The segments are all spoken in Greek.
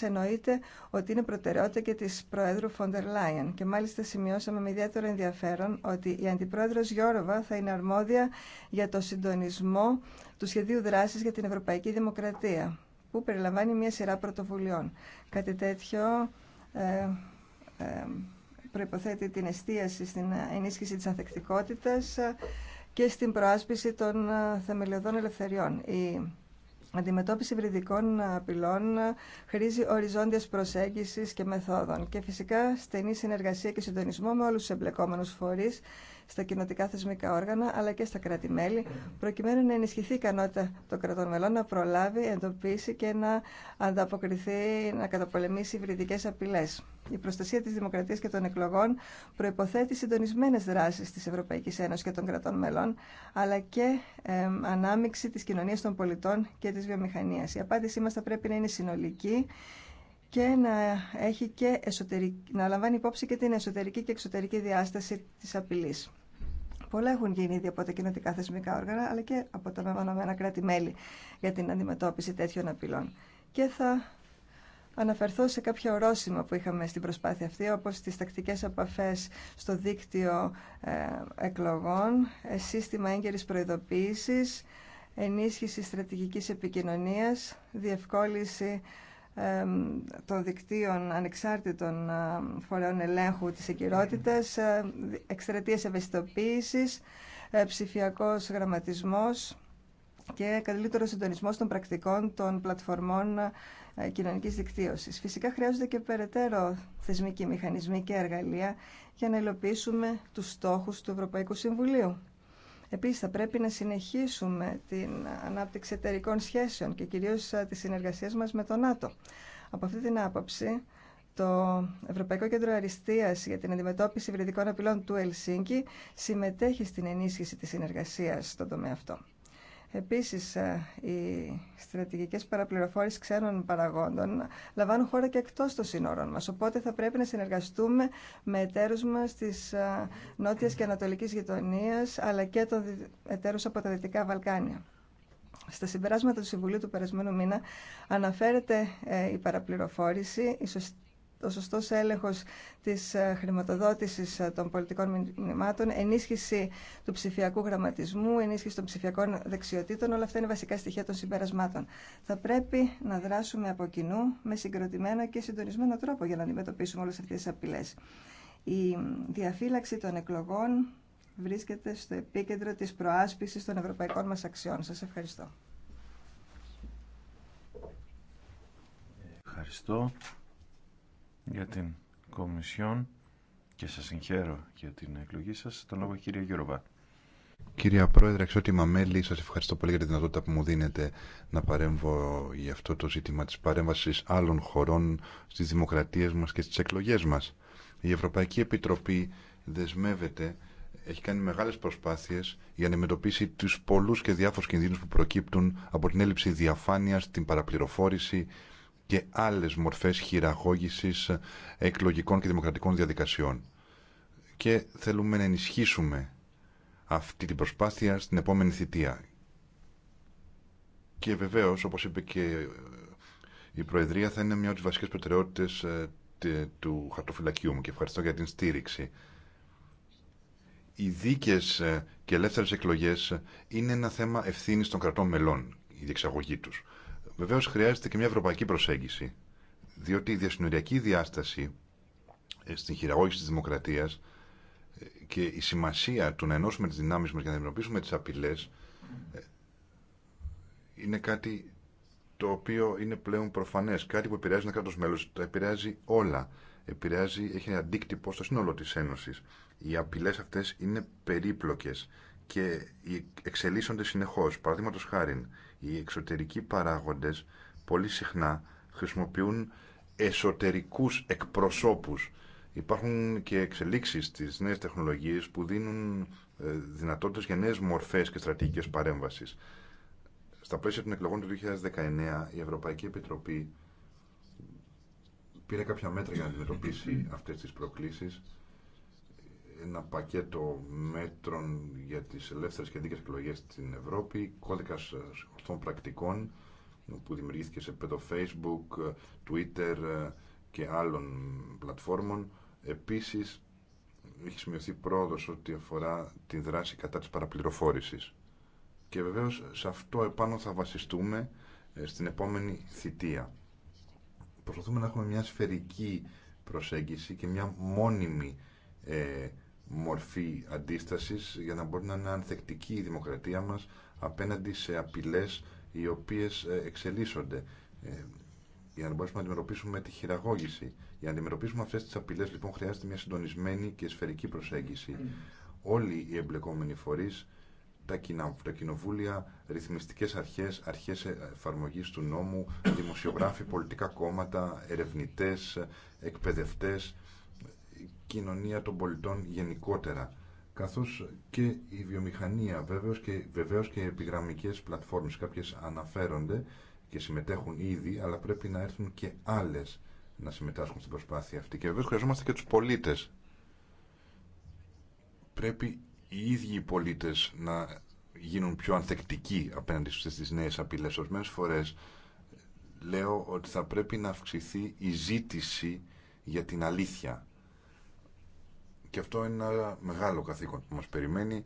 εννοείται ότι είναι προτεραιότητα και τη Προέδρου Φοντερ Λάιεν και μάλιστα σημειώσαμε με ιδιαίτερο ενδιαφέρον ότι η Αντιπρόεδρος Γιώροβα θα είναι αρμόδια για το συντονισμό του σχεδίου δράση για την Ευρωπαϊκή Δημοκρατία που περιλαμβάνει μια σειρά πρωτοβουλειών. Κάτι τέτοιο ε, ε, προϋποθέτει την εστίαση στην ενίσχυση τη ανθεκτικότητα και στην προάσπιση των ε, θεμελιωδών ελευθεριών. Η αντιμετώπιση βρυδικών ε, απειλών χρήζει οριζόντιας προσέγγισης και μεθόδων και φυσικά στενή συνεργασία και συντονισμό με όλους τους εμπλεκόμενους φορείς στα κοινοτικά θεσμικά όργανα αλλά και στα κράτη-μέλη, προκειμένου να ενισχυθεί η ικανότητα των κρατών μελών να προλάβει, εντοπίσει και να ανταποκριθεί, να καταπολεμήσει υβριδικέ απειλέ. Η προστασία τη δημοκρατία και των εκλογών προποθέτει συντονισμένε δράσει τη Ευρωπαϊκή Ένωση και των κρατών μελών, αλλά και ε, ανάμειξη τη κοινωνία των πολιτών και τη βιομηχανία. Η απάντησή μα θα πρέπει να είναι συνολική και να, έχει και εσωτερική, να λαμβάνει υπόψη και την εσωτερική και εξωτερική διάσταση της απειλής. Πολλά έχουν γίνει ήδη από τα κοινοτικά θεσμικά όργανα, αλλά και από τα μεμονωμένα κράτη-μέλη για την αντιμετώπιση τέτοιων απειλών. Και θα αναφερθώ σε κάποια ορόσημα που είχαμε στην προσπάθεια αυτή, όπως τις τακτικές απαφές στο δίκτυο ε, εκλογών, ε, σύστημα έγκαιρης προειδοποίησης, ενίσχυση στρατηγικής επικοινωνίας, διευκόλυνση των δικτύων ανεξάρτητων ε, φορέων ελέγχου της εγκυρότητας, ε, εξτρατείες ευαισθητοποίησης, ε, ψηφιακός γραμματισμός και καλύτερο συντονισμό των πρακτικών των πλατφορμών κοινωνικής δικτύωσης. Φυσικά χρειάζονται και περαιτέρω θεσμικοί μηχανισμοί και εργαλεία για να υλοποιήσουμε τους στόχους του Ευρωπαϊκού Συμβουλίου. Επίσης θα πρέπει να συνεχίσουμε την ανάπτυξη εταιρικών σχέσεων και κυρίως ε, τη συνεργασία μας με το ΝΑΤΟ. Από αυτή την άποψη, το Ευρωπαϊκό Κέντρο Αριστείας για την Αντιμετώπιση βρετικών Απειλών του Ελσίνκη συμμετέχει στην ενίσχυση της συνεργασίας στον τομέα αυτό. Επίσης, ε, οι στρατηγικές παραπληροφόρησης ξένων παραγόντων λαμβάνουν χώρα και εκτός των σύνορων μας, οπότε θα πρέπει να συνεργαστούμε με εταίρους μας της ε, νότιας και ανατολικής γειτονίας, αλλά και των εταίρους από τα Δυτικά Βαλκάνια. Στα συμπεράσματα του Συμβουλίου του περασμένου μήνα αναφέρεται ε, η παραπληροφόρηση, ο σωστό έλεγχος της ε, χρηματοδότησης ε, των πολιτικών μηνυμάτων, ενίσχυση του ψηφιακού γραμματισμού, ενίσχυση των ψηφιακών δεξιοτήτων, όλα αυτά είναι βασικά στοιχεία των συμπερασμάτων. Θα πρέπει να δράσουμε από κοινού με συγκροτημένο και συντονισμένο τρόπο για να αντιμετωπίσουμε όλε αυτέ τις απειλέ. Η διαφύλαξη των εκλογών βρίσκεται στο επίκεντρο της προάσπισης των ευρωπαϊκών μας αξιών. Σας ευχαριστώ. Ευχαριστώ για την Κομισιόν και σας συγχαίρω για την εκλογή σας. Τον λόγο κύριε Γιώργα. Κύριε Πρόεδρε, εξότιμα μέλη, σας ευχαριστώ πολύ για τη δυνατότητα που μου δίνετε να παρέμβω για αυτό το ζήτημα της παρέμβασης άλλων χωρών στις δημοκρατίες μας και στις εκλογές μας. Η Ευρωπαϊκή Επιτροπή δεσμεύεται, έχει κάνει μεγάλες προσπάθειες για να αντιμετωπίσει τους πολλούς και διάφορους κινδύνους που προκύπτουν από την έλλειψη διαφάνειας, την παραπληροφόρηση, και άλλες μορφές χειραγώγησης εκλογικών και δημοκρατικών διαδικασιών. Και θέλουμε να ενισχύσουμε αυτή την προσπάθεια στην επόμενη θητεία. Και βεβαίως, όπως είπε και η Προεδρία, θα είναι μια από τις βασικές προτεραιότητες ε, του χαρτοφυλακίου μου και ευχαριστώ για την στήριξη. Οι δίκες ε, και ελεύθερες εκλογές είναι ένα θέμα ευθύνης των κρατών μελών, η διεξαγωγή τους. Βεβαίω χρειάζεται και μια ευρωπαϊκή προσέγγιση, διότι η διασυνοριακή διάσταση ε, στην χειραγώγηση τη δημοκρατία ε, και η σημασία του να ενώσουμε τι δυνάμει μα για να αντιμετωπίσουμε τι απειλέ ε, είναι κάτι το οποίο είναι πλέον προφανέ. Κάτι που επηρεάζει ένα κράτο μέλο, Το επηρεάζει όλα. Επηρεάζει, έχει ένα αντίκτυπο στο σύνολο τη Ένωση. Οι απειλέ αυτέ είναι περίπλοκε και εξελίσσονται συνεχώ. Παραδείγματο χάρη, οι εξωτερικοί παράγοντες πολύ συχνά χρησιμοποιούν εσωτερικούς εκπροσώπους. Υπάρχουν και εξελίξεις στις νέες τεχνολογίες που δίνουν ε, δυνατότητες για νέες μορφές και στρατηγικές παρέμβασης. Στα πλαίσια των εκλογών του 2019 η Ευρωπαϊκή Επιτροπή πήρε κάποια μέτρα για να αντιμετωπίσει αυτές τις προκλήσεις ένα πακέτο μέτρων για τις ελεύθερες και δίκαιες εκλογές στην Ευρώπη, κώδικας των ε, πρακτικών που δημιουργήθηκε σε πέτο Facebook, ε, Twitter ε, και άλλων πλατφόρμων. Επίσης, έχει σημειωθεί πρόοδος ό,τι αφορά τη δράση κατά της παραπληροφόρησης. Και βεβαίως σε αυτό επάνω θα βασιστούμε στην επόμενη θητεία. Προσπαθούμε να έχουμε μια σφαιρική προσέγγιση και μια μόνιμη μορφή αντίστασης για να μπορεί να είναι ανθεκτική η δημοκρατία μας απέναντι σε απειλές οι οποίες ε, εξελίσσονται ε, για να μπορέσουμε να αντιμετωπίσουμε τη χειραγώγηση. Για να αντιμετωπίσουμε αυτές τις απειλές λοιπόν χρειάζεται μια συντονισμένη και σφαιρική προσέγγιση. Όλοι οι εμπλεκόμενοι φορείς, τα, κοινοβούλια, ρυθμιστικές αρχές, αρχές εφαρμογής του νόμου, δημοσιογράφοι, πολιτικά κόμματα, ερευνητές, εκπαιδευτέ κοινωνία των πολιτών γενικότερα, καθώς και η βιομηχανία βέβαιως και, βεβαίως και οι επιγραμμικές πλατφόρμες. Κάποιες αναφέρονται και συμμετέχουν ήδη, αλλά πρέπει να έρθουν και άλλες να συμμετάσχουν στην προσπάθεια αυτή. Και βεβαίως χρειαζόμαστε και τους πολίτες. Πρέπει οι ίδιοι οι πολίτες να γίνουν πιο ανθεκτικοί απέναντι στις νέες απειλές. Ορισμένες φορές λέω ότι θα πρέπει να αυξηθεί η ζήτηση για την αλήθεια. Και αυτό είναι ένα μεγάλο καθήκον που μας περιμένει.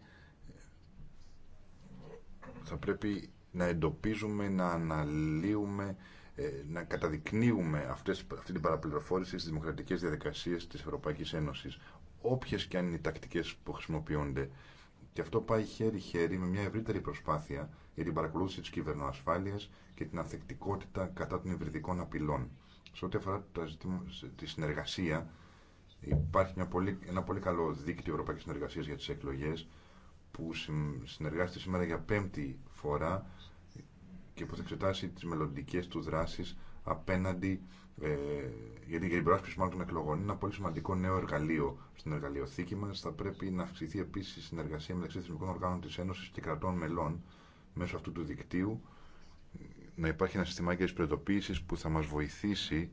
Θα πρέπει να εντοπίζουμε, να αναλύουμε, ε, να καταδεικνύουμε αυτές, αυτή την παραπληροφόρηση στις δημοκρατικές διαδικασίες της Ευρωπαϊκής Ένωσης, όποιες και αν είναι οι τακτικές που χρησιμοποιούνται. Και αυτό πάει χέρι-χέρι με μια ευρύτερη προσπάθεια για την παρακολούθηση της κυβερνοασφάλειας και την ανθεκτικότητα κατά των υβριδικών απειλών. Σε ό,τι αφορά τη συνεργασία, Υπάρχει μια πολύ, ένα πολύ καλό δίκτυο Ευρωπαϊκής Συνεργασίας για τις εκλογές που συνεργάζεται σήμερα για πέμπτη φορά και που θα εξετάσει τις μελλοντικέ του δράσεις απέναντι ε, για την προάσπιση μάλλον των εκλογών είναι ένα πολύ σημαντικό νέο εργαλείο στην εργαλειοθήκη μα. Θα πρέπει να αυξηθεί επίση η συνεργασία μεταξύ εθνικών οργάνων τη Ένωση και κρατών μελών μέσω αυτού του δικτύου. Να υπάρχει ένα συστημάκι τη προειδοποίηση που θα μα βοηθήσει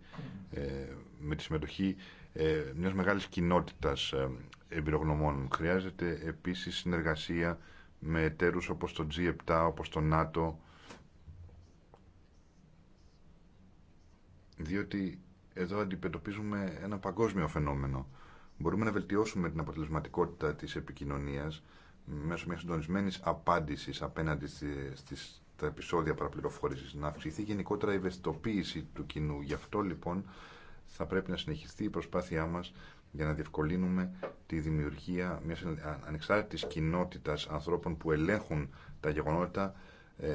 ε, με τη συμμετοχή ε, μιας μεγάλης κοινότητας ε, εμπειρογνωμών. Χρειάζεται επίσης συνεργασία με εταίρους όπως το G7, όπως το ΝΑΤΟ, διότι εδώ αντιμετωπίζουμε ένα παγκόσμιο φαινόμενο. Μπορούμε να βελτιώσουμε την αποτελεσματικότητα της επικοινωνίας μέσω μιας συντονισμένης απάντησης απέναντι στις, τα επεισόδια παραπληροφόρησης, να αυξηθεί γενικότερα η ευαισθητοποίηση του κοινού. Γι' αυτό λοιπόν θα πρέπει να συνεχιστεί η προσπάθειά μας για να διευκολύνουμε τη δημιουργία μιας ανεξάρτητης κοινότητας ανθρώπων που ελέγχουν τα γεγονότα, ε,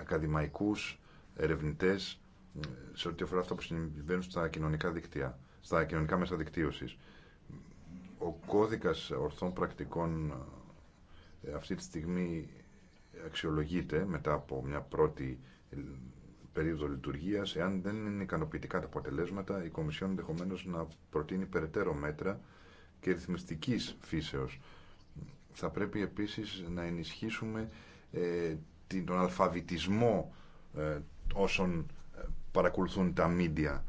ακαδημαϊκούς, ερευνητές, ε, σε ό,τι αφορά αυτά που συμβαίνουν στα κοινωνικά, δίκτυα, στα κοινωνικά μέσα δικτύωση. Ο κώδικας ορθών πρακτικών ε, αυτή τη στιγμή αξιολογείται μετά από μια πρώτη ε, περίοδο λειτουργία, εάν δεν είναι ικανοποιητικά τα αποτελέσματα, η Κομισιόν ενδεχομένω να προτείνει περαιτέρω μέτρα και ρυθμιστική φύσεω. Θα πρέπει επίση να ενισχύσουμε ε, τον αλφαβητισμό ε, όσων ε, παρακολουθούν τα μίντια.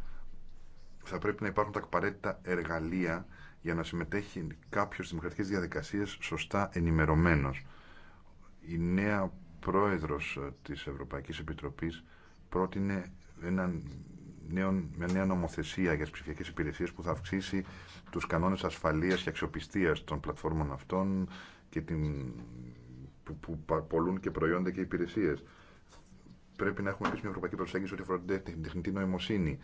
Θα πρέπει να υπάρχουν τα απαραίτητα εργαλεία για να συμμετέχει κάποιο στι δημοκρατικέ διαδικασίε σωστά ενημερωμένο. Η νέα πρόεδρος ε, της Ευρωπαϊκής Επιτροπής πρότεινε νέο, μια νέα νομοθεσία για τι ψηφιακέ υπηρεσίε που θα αυξήσει του κανόνε ασφαλεία και αξιοπιστία των πλατφόρμων αυτών και την, που, που πολλούν και προϊόντα και υπηρεσίε. Πρέπει να έχουμε επίση μια ευρωπαϊκή προσέγγιση ό,τι αφορά την τεχνητή νοημοσύνη.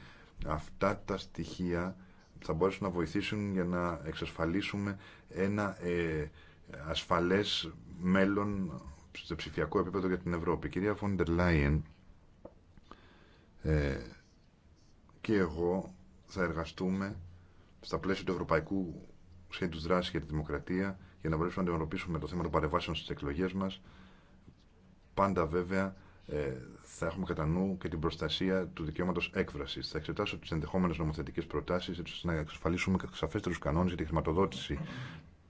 Αυτά τα στοιχεία θα μπορέσουν να βοηθήσουν για να εξασφαλίσουμε ένα ε, ασφαλές μέλλον σε ψηφιακό επίπεδο για την Ευρώπη. κυρία Φόντερ Λάιεν ε, και εγώ θα εργαστούμε στα πλαίσια του Ευρωπαϊκού Σχέδιου Δράση για τη Δημοκρατία για να μπορέσουμε να αντιμετωπίσουμε το θέμα των παρεμβάσεων στι εκλογέ μα. Πάντα βέβαια ε, θα έχουμε κατά νου και την προστασία του δικαιώματο έκφραση. Θα εξετάσω τι ενδεχόμενε νομοθετικέ προτάσει έτσι ώστε να εξασφαλίσουμε σαφέστερου κανόνε για τη χρηματοδότηση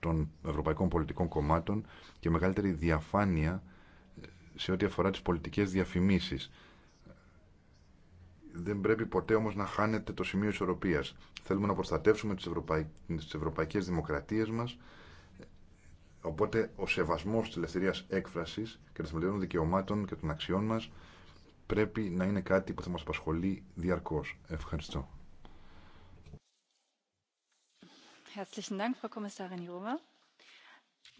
των ευρωπαϊκών πολιτικών κομμάτων και μεγαλύτερη διαφάνεια ε, σε ό,τι αφορά τι πολιτικέ διαφημίσει δεν πρέπει ποτέ όμως να χάνεται το σημείο ισορροπίας. Θέλουμε να προστατεύσουμε τις, ευρωπαϊ... τις ευρωπαϊκές δημοκρατίες μας, οπότε ο σεβασμός της ελευθερίας έκφρασης και των θεμελιών δικαιωμάτων και των αξιών μας πρέπει να είναι κάτι που θα μας απασχολεί διαρκώς. Ευχαριστώ. Herzlichen Dank, Frau Kommissarin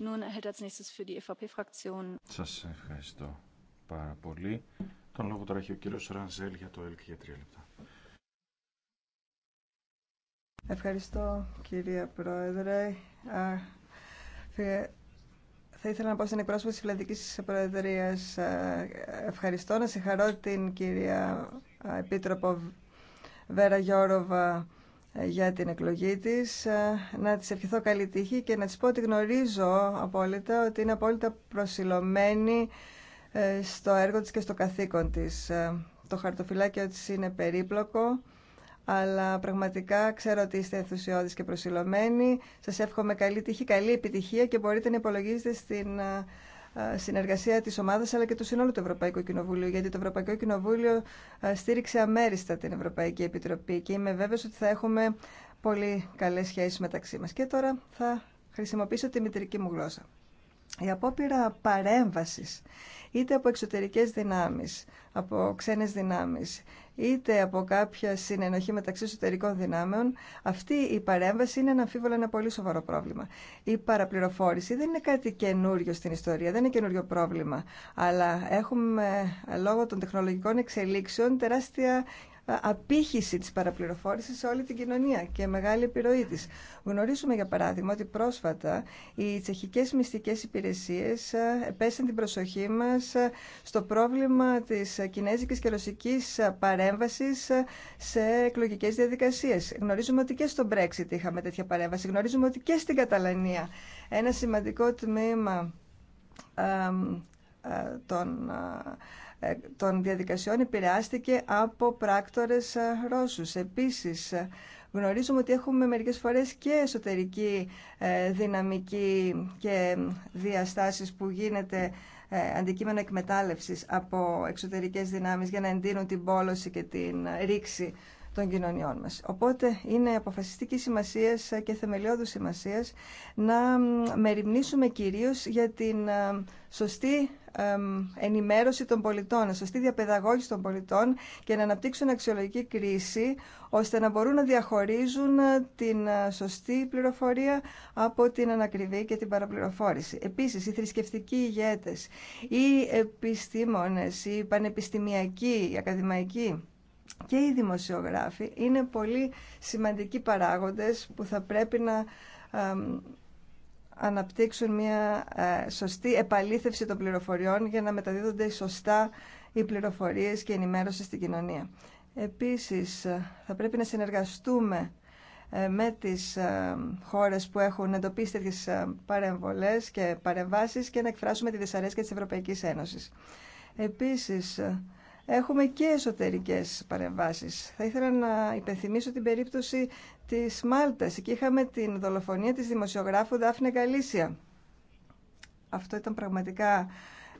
Nun nächstes für die EVP-Fraktion. Σας ευχαριστώ πάρα πολύ. Τον λόγο τώρα έχει ο κύριος Ρανζέλ για το ΕΛΚ για τρία λεπτά. Ευχαριστώ κυρία Πρόεδρε. Θα ήθελα να πω στην εκπρόσωπο της Φιλανδικής Προεδρίας ευχαριστώ να συγχαρώ την κυρία Επίτροπο Βέρα Γιώροβα για την εκλογή της, να της ευχηθώ καλή τύχη και να της πω ότι γνωρίζω απόλυτα ότι είναι απόλυτα προσιλωμένη ε, στο έργο της και στο καθήκον της. Ε, το χαρτοφυλάκιο της είναι περίπλοκο, αλλά πραγματικά ξέρω ότι είστε ενθουσιώδεις και προσιλωμένοι. Σας εύχομαι καλή τύχη, καλή επιτυχία και μπορείτε να υπολογίζετε στην ε, συνεργασία της ομάδας αλλά και του συνόλου του Ευρωπαϊκού Κοινοβουλίου γιατί το Ευρωπαϊκό Κοινοβούλιο στήριξε αμέριστα την Ευρωπαϊκή Επιτροπή και είμαι βέβαιος ότι θα έχουμε πολύ καλές σχέσεις μεταξύ μας. Και τώρα θα χρησιμοποιήσω τη μητρική μου γλώσσα. Η απόπειρα παρέμβασης είτε από εξωτερικές δυνάμεις, από ξένες δυνάμεις, είτε από κάποια συνενοχή μεταξύ εσωτερικών δυνάμεων, αυτή η παρέμβαση είναι αναμφίβολα ένα πολύ σοβαρό πρόβλημα. Η παραπληροφόρηση δεν είναι κάτι καινούριο στην ιστορία, δεν είναι καινούριο πρόβλημα, αλλά έχουμε λόγω των τεχνολογικών εξελίξεων τεράστια ε, απήχηση της παραπληροφόρησης σε όλη την κοινωνία και μεγάλη επιρροή της. Γνωρίζουμε για παράδειγμα ότι πρόσφατα οι τσεχικές μυστικές υπηρεσίες ε, πέσαν την προσοχή μας ε, στο πρόβλημα της κινέζικης και ρωσικής παρέμβασης σε εκλογικές διαδικασίες. Γνωρίζουμε ότι και στο Brexit είχαμε τέτοια παρέμβαση. Γνωρίζουμε ότι και στην Καταλανία ένα σημαντικό τμήμα των ε, των διαδικασιών επηρεάστηκε από πράκτορες ε, Ρώσους. Επίσης, ε, γνωρίζουμε ότι έχουμε μερικές φορές και εσωτερική δυναμική και διαστάσεις που γίνεται αντικείμενο εκμετάλλευσης από εξωτερικές δυνάμεις για να εντείνουν την πόλωση και την ρήξη των κοινωνιών μας. Οπότε είναι αποφασιστική σημασία και θεμελιώδου σημασία να μεριμνήσουμε κυρίως για την σωστή ενημέρωση των πολιτών, σωστή διαπαιδαγώγηση των πολιτών και να αναπτύξουν αξιολογική κρίση ώστε να μπορούν να διαχωρίζουν ε, την ε, σωστή πληροφορία από την ανακριβή και την παραπληροφόρηση. Επίσης, οι θρησκευτικοί ηγέτες, οι επιστήμονες, οι πανεπιστημιακοί, οι ακαδημαϊκοί και οι δημοσιογράφοι είναι πολύ σημαντικοί παράγοντες που θα πρέπει να αναπτύξουν μια ε, σωστή επαλήθευση των πληροφοριών για να μεταδίδονται σωστά οι πληροφορίες και η ενημέρωση στην κοινωνία. Επίσης, ε, θα πρέπει να συνεργαστούμε ε, με τις χώρες που έχουν εντοπίσει τέτοιε παρεμβολές και παρεμβάσεις και να εκφράσουμε τη δυσαρέσκεια της Ευρωπαϊκής Ένωσης. Επίσης, έχουμε και εσωτερικές παρεμβάσεις. Θα ήθελα να υπενθυμίσω την περίπτωση της Μάλτας. Εκεί είχαμε την δολοφονία της δημοσιογράφου Δάφνε Καλίσια. Αυτό ήταν πραγματικά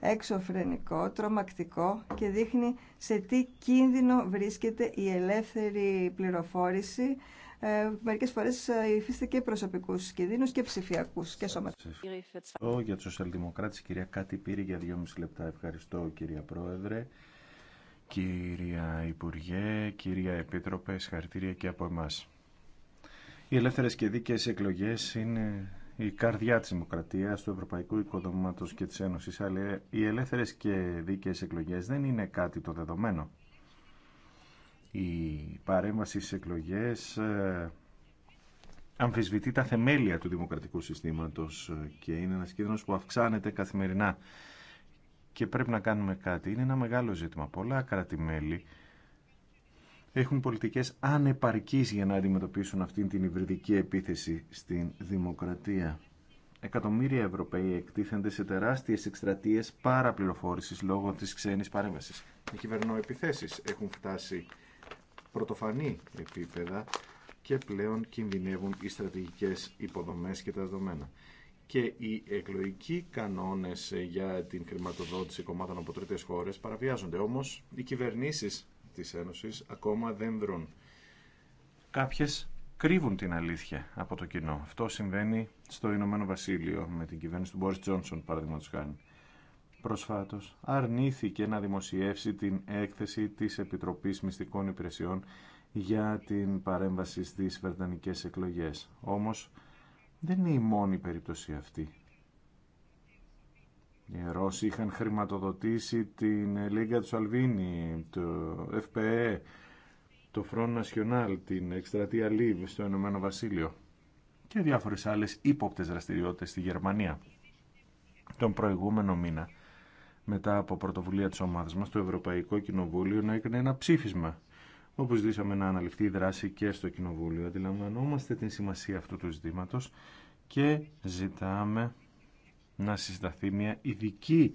εξωφρενικό, τρομακτικό και δείχνει σε τι κίνδυνο βρίσκεται η ελεύθερη πληροφόρηση. Ε, μερικές φορές ε, υφίστε και προσωπικούς κινδύνους και ψηφιακούς και σωματικούς. για τους σοσιαλδημοκράτες, κυρία Κάτι πήρε για δυόμιση λεπτά. Ευχαριστώ, κυρία Πρόεδρε. Κυρία Υπουργέ, κυρία Επίτροπε, συγχαρητήρια και από εμάς. Οι ελεύθερες και δίκαιες εκλογές είναι η καρδιά της δημοκρατίας, του ευρωπαϊκού οικοδομήματος και της Ένωσης, αλλά οι ελεύθερες και δίκαιες εκλογές δεν είναι κάτι το δεδομένο. Η παρέμβαση στις εκλογές ε, αμφισβητεί τα θεμέλια του δημοκρατικού συστήματος και είναι ένας κίνδυνος που αυξάνεται καθημερινά και πρέπει να κάνουμε κάτι. Είναι ένα μεγάλο ζήτημα. Πολλά κράτη-μέλη έχουν πολιτικές ανεπαρκείς για να αντιμετωπίσουν αυτήν την υβριδική επίθεση στην δημοκρατία. Εκατομμύρια Ευρωπαίοι εκτίθενται σε τεράστιες εκστρατείε παραπληροφόρησης λόγω της ξένης παρέμβασης. Οι κυβερνοεπιθέσει έχουν φτάσει πρωτοφανή επίπεδα και πλέον κινδυνεύουν οι στρατηγικέ υποδομέ και τα δεδομένα και οι εκλογικοί κανόνες ε, για την χρηματοδότηση κομμάτων από τρίτες χώρες παραβιάζονται. Όμως οι κυβερνήσεις της Ένωσης ακόμα δεν δρουν. Κάποιες κρύβουν την αλήθεια από το κοινό. Αυτό συμβαίνει στο Ηνωμένο Βασίλειο με την κυβέρνηση του Μπόρις Τζόνσον παραδείγματος χάρη. Προσφάτως αρνήθηκε να δημοσιεύσει την έκθεση της Επιτροπής Μυστικών Υπηρεσιών για την παρέμβαση στις Βρετανικές εκλογές. Όμως δεν είναι η μόνη περίπτωση αυτή. Οι Ρώσοι είχαν χρηματοδοτήσει την Λίγκα του Σαλβίνη, το FPE, ε, το Front National, την εκστρατεία Λίβ στο Ηνωμένο Βασίλειο και διάφορες άλλες ύποπτες δραστηριότητες στη Γερμανία. Τον προηγούμενο μήνα, μετά από πρωτοβουλία της ομάδας μας, το Ευρωπαϊκό Κοινοβούλιο να έκανε ένα ψήφισμα όπως ζητήσαμε να αναλυφθεί η δράση και στο Κοινοβούλιο. Αντιλαμβανόμαστε την σημασία αυτού του ζητήματος και ζητάμε να συσταθεί μια ειδική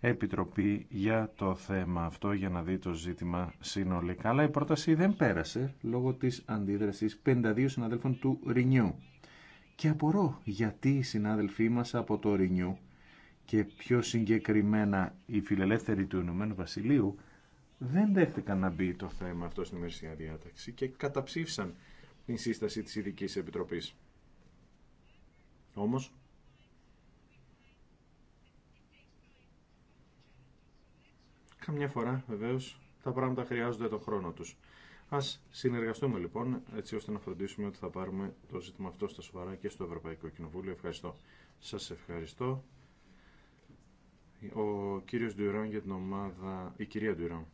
επιτροπή για το θέμα αυτό για να δει το ζήτημα συνολικά. Αλλά η πρόταση δεν πέρασε λόγω της αντίδρασης 52 συναδέλφων του Ρινιού. Και απορώ γιατί οι συνάδελφοί μας από το Ρινιού και πιο συγκεκριμένα οι φιλελεύθεροι του Ηνωμένου Βασιλείου δεν δέχτηκαν να μπει το θέμα αυτό στην ημερησία διάταξη και καταψήφισαν την σύσταση της ειδική Επιτροπής. Όμως, καμιά φορά βεβαίως τα πράγματα χρειάζονται το χρόνο τους. Ας συνεργαστούμε λοιπόν έτσι ώστε να φροντίσουμε ότι θα πάρουμε το ζήτημα αυτό στα σοβαρά και στο Ευρωπαϊκό Κοινοβούλιο. Ευχαριστώ. Σας ευχαριστώ. Ο κύριος Ντουιράν για την ομάδα, η κυρία Ντουιράν.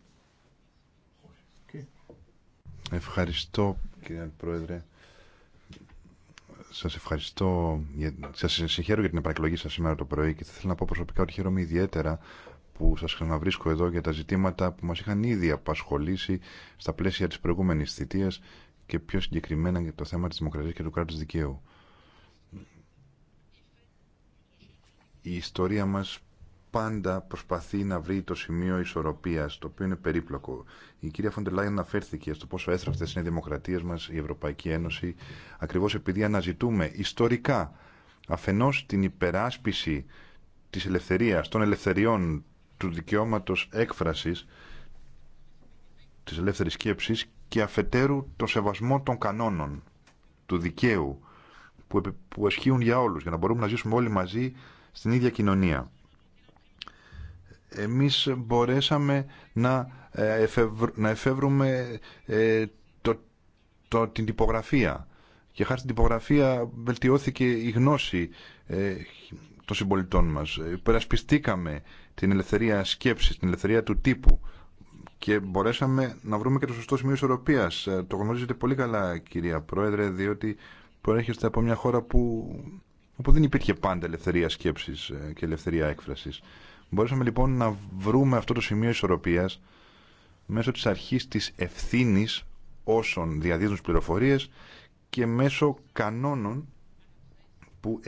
Ευχαριστώ κύριε Πρόεδρε. Σας ευχαριστώ, σας συγχαίρω για την επανακλογή σας σήμερα το πρωί και θα ήθελα να πω προσωπικά ότι χαίρομαι ιδιαίτερα που σας ξαναβρίσκω εδώ για τα ζητήματα που μας είχαν ήδη απασχολήσει στα πλαίσια της προηγούμενης θητείας και πιο συγκεκριμένα για το θέμα της δημοκρατίας και του κράτους δικαίου. Η ιστορία μας πάντα προσπαθεί να βρει το σημείο ισορροπία, το οποίο είναι περίπλοκο. Η κυρία Φοντελάιν αναφέρθηκε στο πόσο έθραυτε είναι οι δημοκρατίε μα, η Ευρωπαϊκή Ένωση, ακριβώ επειδή αναζητούμε ιστορικά αφενό την υπεράσπιση τη ελευθερία, των ελευθεριών, του δικαιώματο έκφραση, τη ελεύθερη σκέψη και αφετέρου το σεβασμό των κανόνων, του δικαίου που, ισχύουν για όλους, για να μπορούμε να ζήσουμε όλοι μαζί στην ίδια κοινωνία εμείς μπορέσαμε να, ε, να εφεύρουμε ε, το, την τυπογραφία. Και χάρη στην τυπογραφία βελτιώθηκε η γνώση ε, των συμπολιτών μας. Περασπιστήκαμε την ελευθερία σκέψης, την ελευθερία του τύπου και μπορέσαμε να βρούμε και το σωστό σημείο ισορροπίας. Το γνωρίζετε πολύ καλά κυρία Πρόεδρε, διότι προέρχεστε από μια χώρα που όπου δεν υπήρχε πάντα ελευθερία σκέψης και ελευθερία έκφρασης. Μπορέσαμε λοιπόν να βρούμε αυτό το σημείο ισορροπίας μέσω της αρχής της ευθύνη όσων διαδίδουν πληροφορίες και μέσω κανόνων που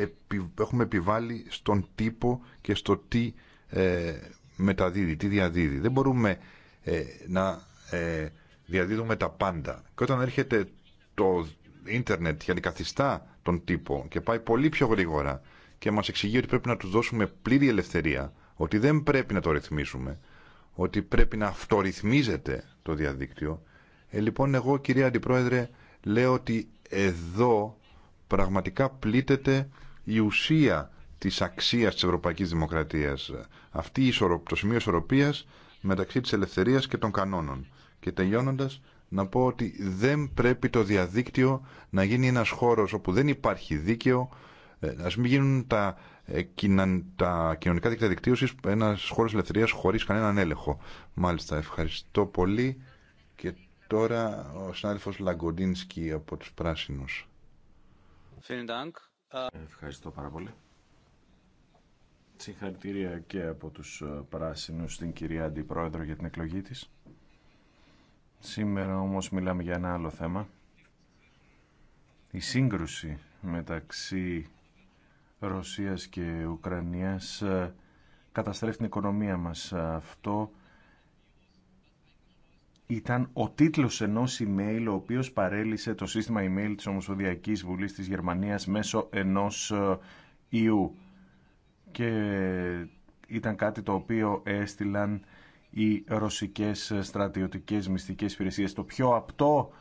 έχουμε επιβάλει στον τύπο και στο τι ε, μεταδίδει, τι διαδίδει. Δεν μπορούμε ε, να ε, διαδίδουμε τα πάντα. Και όταν έρχεται το ίντερνετ και αντικαθιστά τον τύπο και πάει πολύ πιο γρήγορα και μας εξηγεί ότι πρέπει να του δώσουμε πλήρη ελευθερία ότι δεν πρέπει να το ρυθμίσουμε, ότι πρέπει να αυτορυθμίζεται το διαδίκτυο. Ε, λοιπόν, εγώ κυρία Αντιπρόεδρε λέω ότι εδώ πραγματικά πλήττεται η ουσία της αξίας της ευρωπαϊκής δημοκρατίας. Αυτή το σημείο ισορροπίας μεταξύ της ελευθερίας και των κανόνων. Και τελειώνοντας να πω ότι δεν πρέπει το διαδίκτυο να γίνει ένας χώρος όπου δεν υπάρχει δίκαιο, ε, ας μην γίνουν τα, ε, τα κοινωνικά δίκτυα δικτύωσης ένας χώρος ελευθερίας χωρίς κανέναν έλεγχο. Μάλιστα, ευχαριστώ πολύ. Και τώρα ο συνάδελφος Λαγκοντίνσκι από τους Πράσινους. Ε, ευχαριστώ πάρα πολύ. Συγχαρητήρια και από τους Πράσινους στην κυρία Αντιπρόεδρο για την εκλογή της. Σήμερα όμως μιλάμε για ένα άλλο θέμα. Η σύγκρουση μεταξύ Ρωσίας και Ουκρανίας ε, καταστρέφει την οικονομία μας. Ε, αυτό ήταν ο τίτλος ενός email ο οποίος παρέλυσε το σύστημα email της Ομοσπονδιακής Βουλής της Γερμανίας μέσω ενός ε, ιού. Και ήταν κάτι το οποίο έστειλαν οι ρωσικές στρατιωτικές μυστικές υπηρεσίες. Το πιο απτό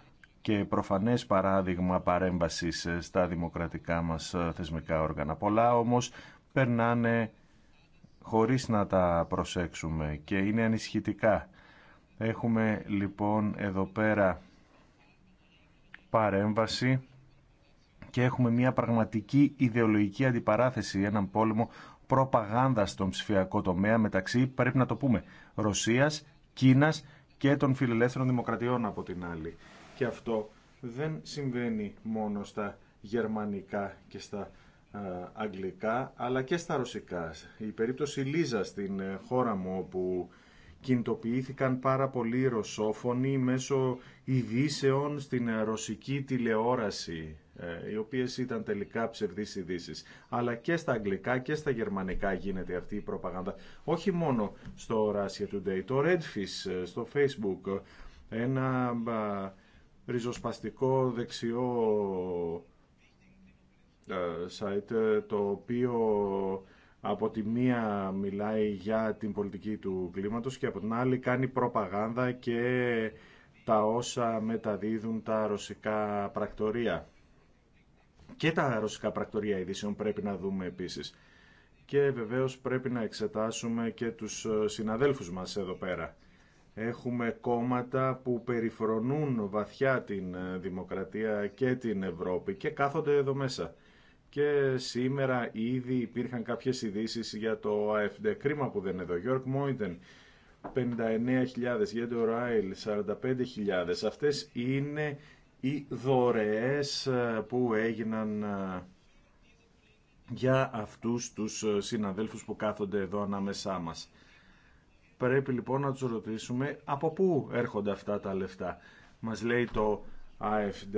και προφανές παράδειγμα παρέμβασης ε, στα δημοκρατικά μας ε, θεσμικά όργανα. Πολλά όμως περνάνε χωρίς να τα προσέξουμε και είναι ανισχυτικά. Έχουμε λοιπόν εδώ πέρα παρέμβαση και έχουμε μια πραγματική ιδεολογική αντιπαράθεση, έναν πόλεμο προπαγάνδα στον ψηφιακό τομέα μεταξύ, πρέπει να το πούμε, Ρωσίας, Κίνας και των φιλελεύθερων δημοκρατιών από την άλλη. Και αυτό δεν συμβαίνει μόνο στα γερμανικά και στα αγγλικά, αλλά και στα ρωσικά. Η περίπτωση Λίζα στην ε, χώρα μου, όπου κινητοποιήθηκαν πάρα πολλοί ρωσόφωνοι μέσω ειδήσεων στην ε, ρωσική τηλεόραση, ε, οι οποίες ήταν τελικά ψευδείς ειδήσει. Αλλά και στα αγγλικά και στα γερμανικά γίνεται αυτή η προπαγάνδα. Όχι μόνο στο Russia Today, το Redfish, στο Facebook, ένα ριζοσπαστικό δεξιό ε, site το οποίο από τη μία μιλάει για την πολιτική του κλίματος και από την άλλη κάνει προπαγάνδα και τα όσα μεταδίδουν τα ρωσικά πρακτορία. Και τα ρωσικά πρακτορία ειδήσεων πρέπει να δούμε επίσης. Και βεβαίως πρέπει να εξετάσουμε και τους συναδέλφους μας εδώ πέρα. Έχουμε κόμματα που περιφρονούν βαθιά την ε, δημοκρατία και την Ευρώπη και κάθονται εδώ μέσα. Και σήμερα ήδη υπήρχαν κάποιες ειδήσει για το ΑΕΦΔ. Κρίμα που δεν είναι εδώ. Γιώργ Μόιντεν, 59.000. Γιέντε Ράιλ, 45.000. Αυτές είναι οι δωρεές ε, που έγιναν ε, για αυτούς τους συναδέλφους που κάθονται εδώ ανάμεσά μας. Πρέπει λοιπόν να τους ρωτήσουμε από πού έρχονται αυτά τα λεφτά. Μας λέει το ΑΕΦΔ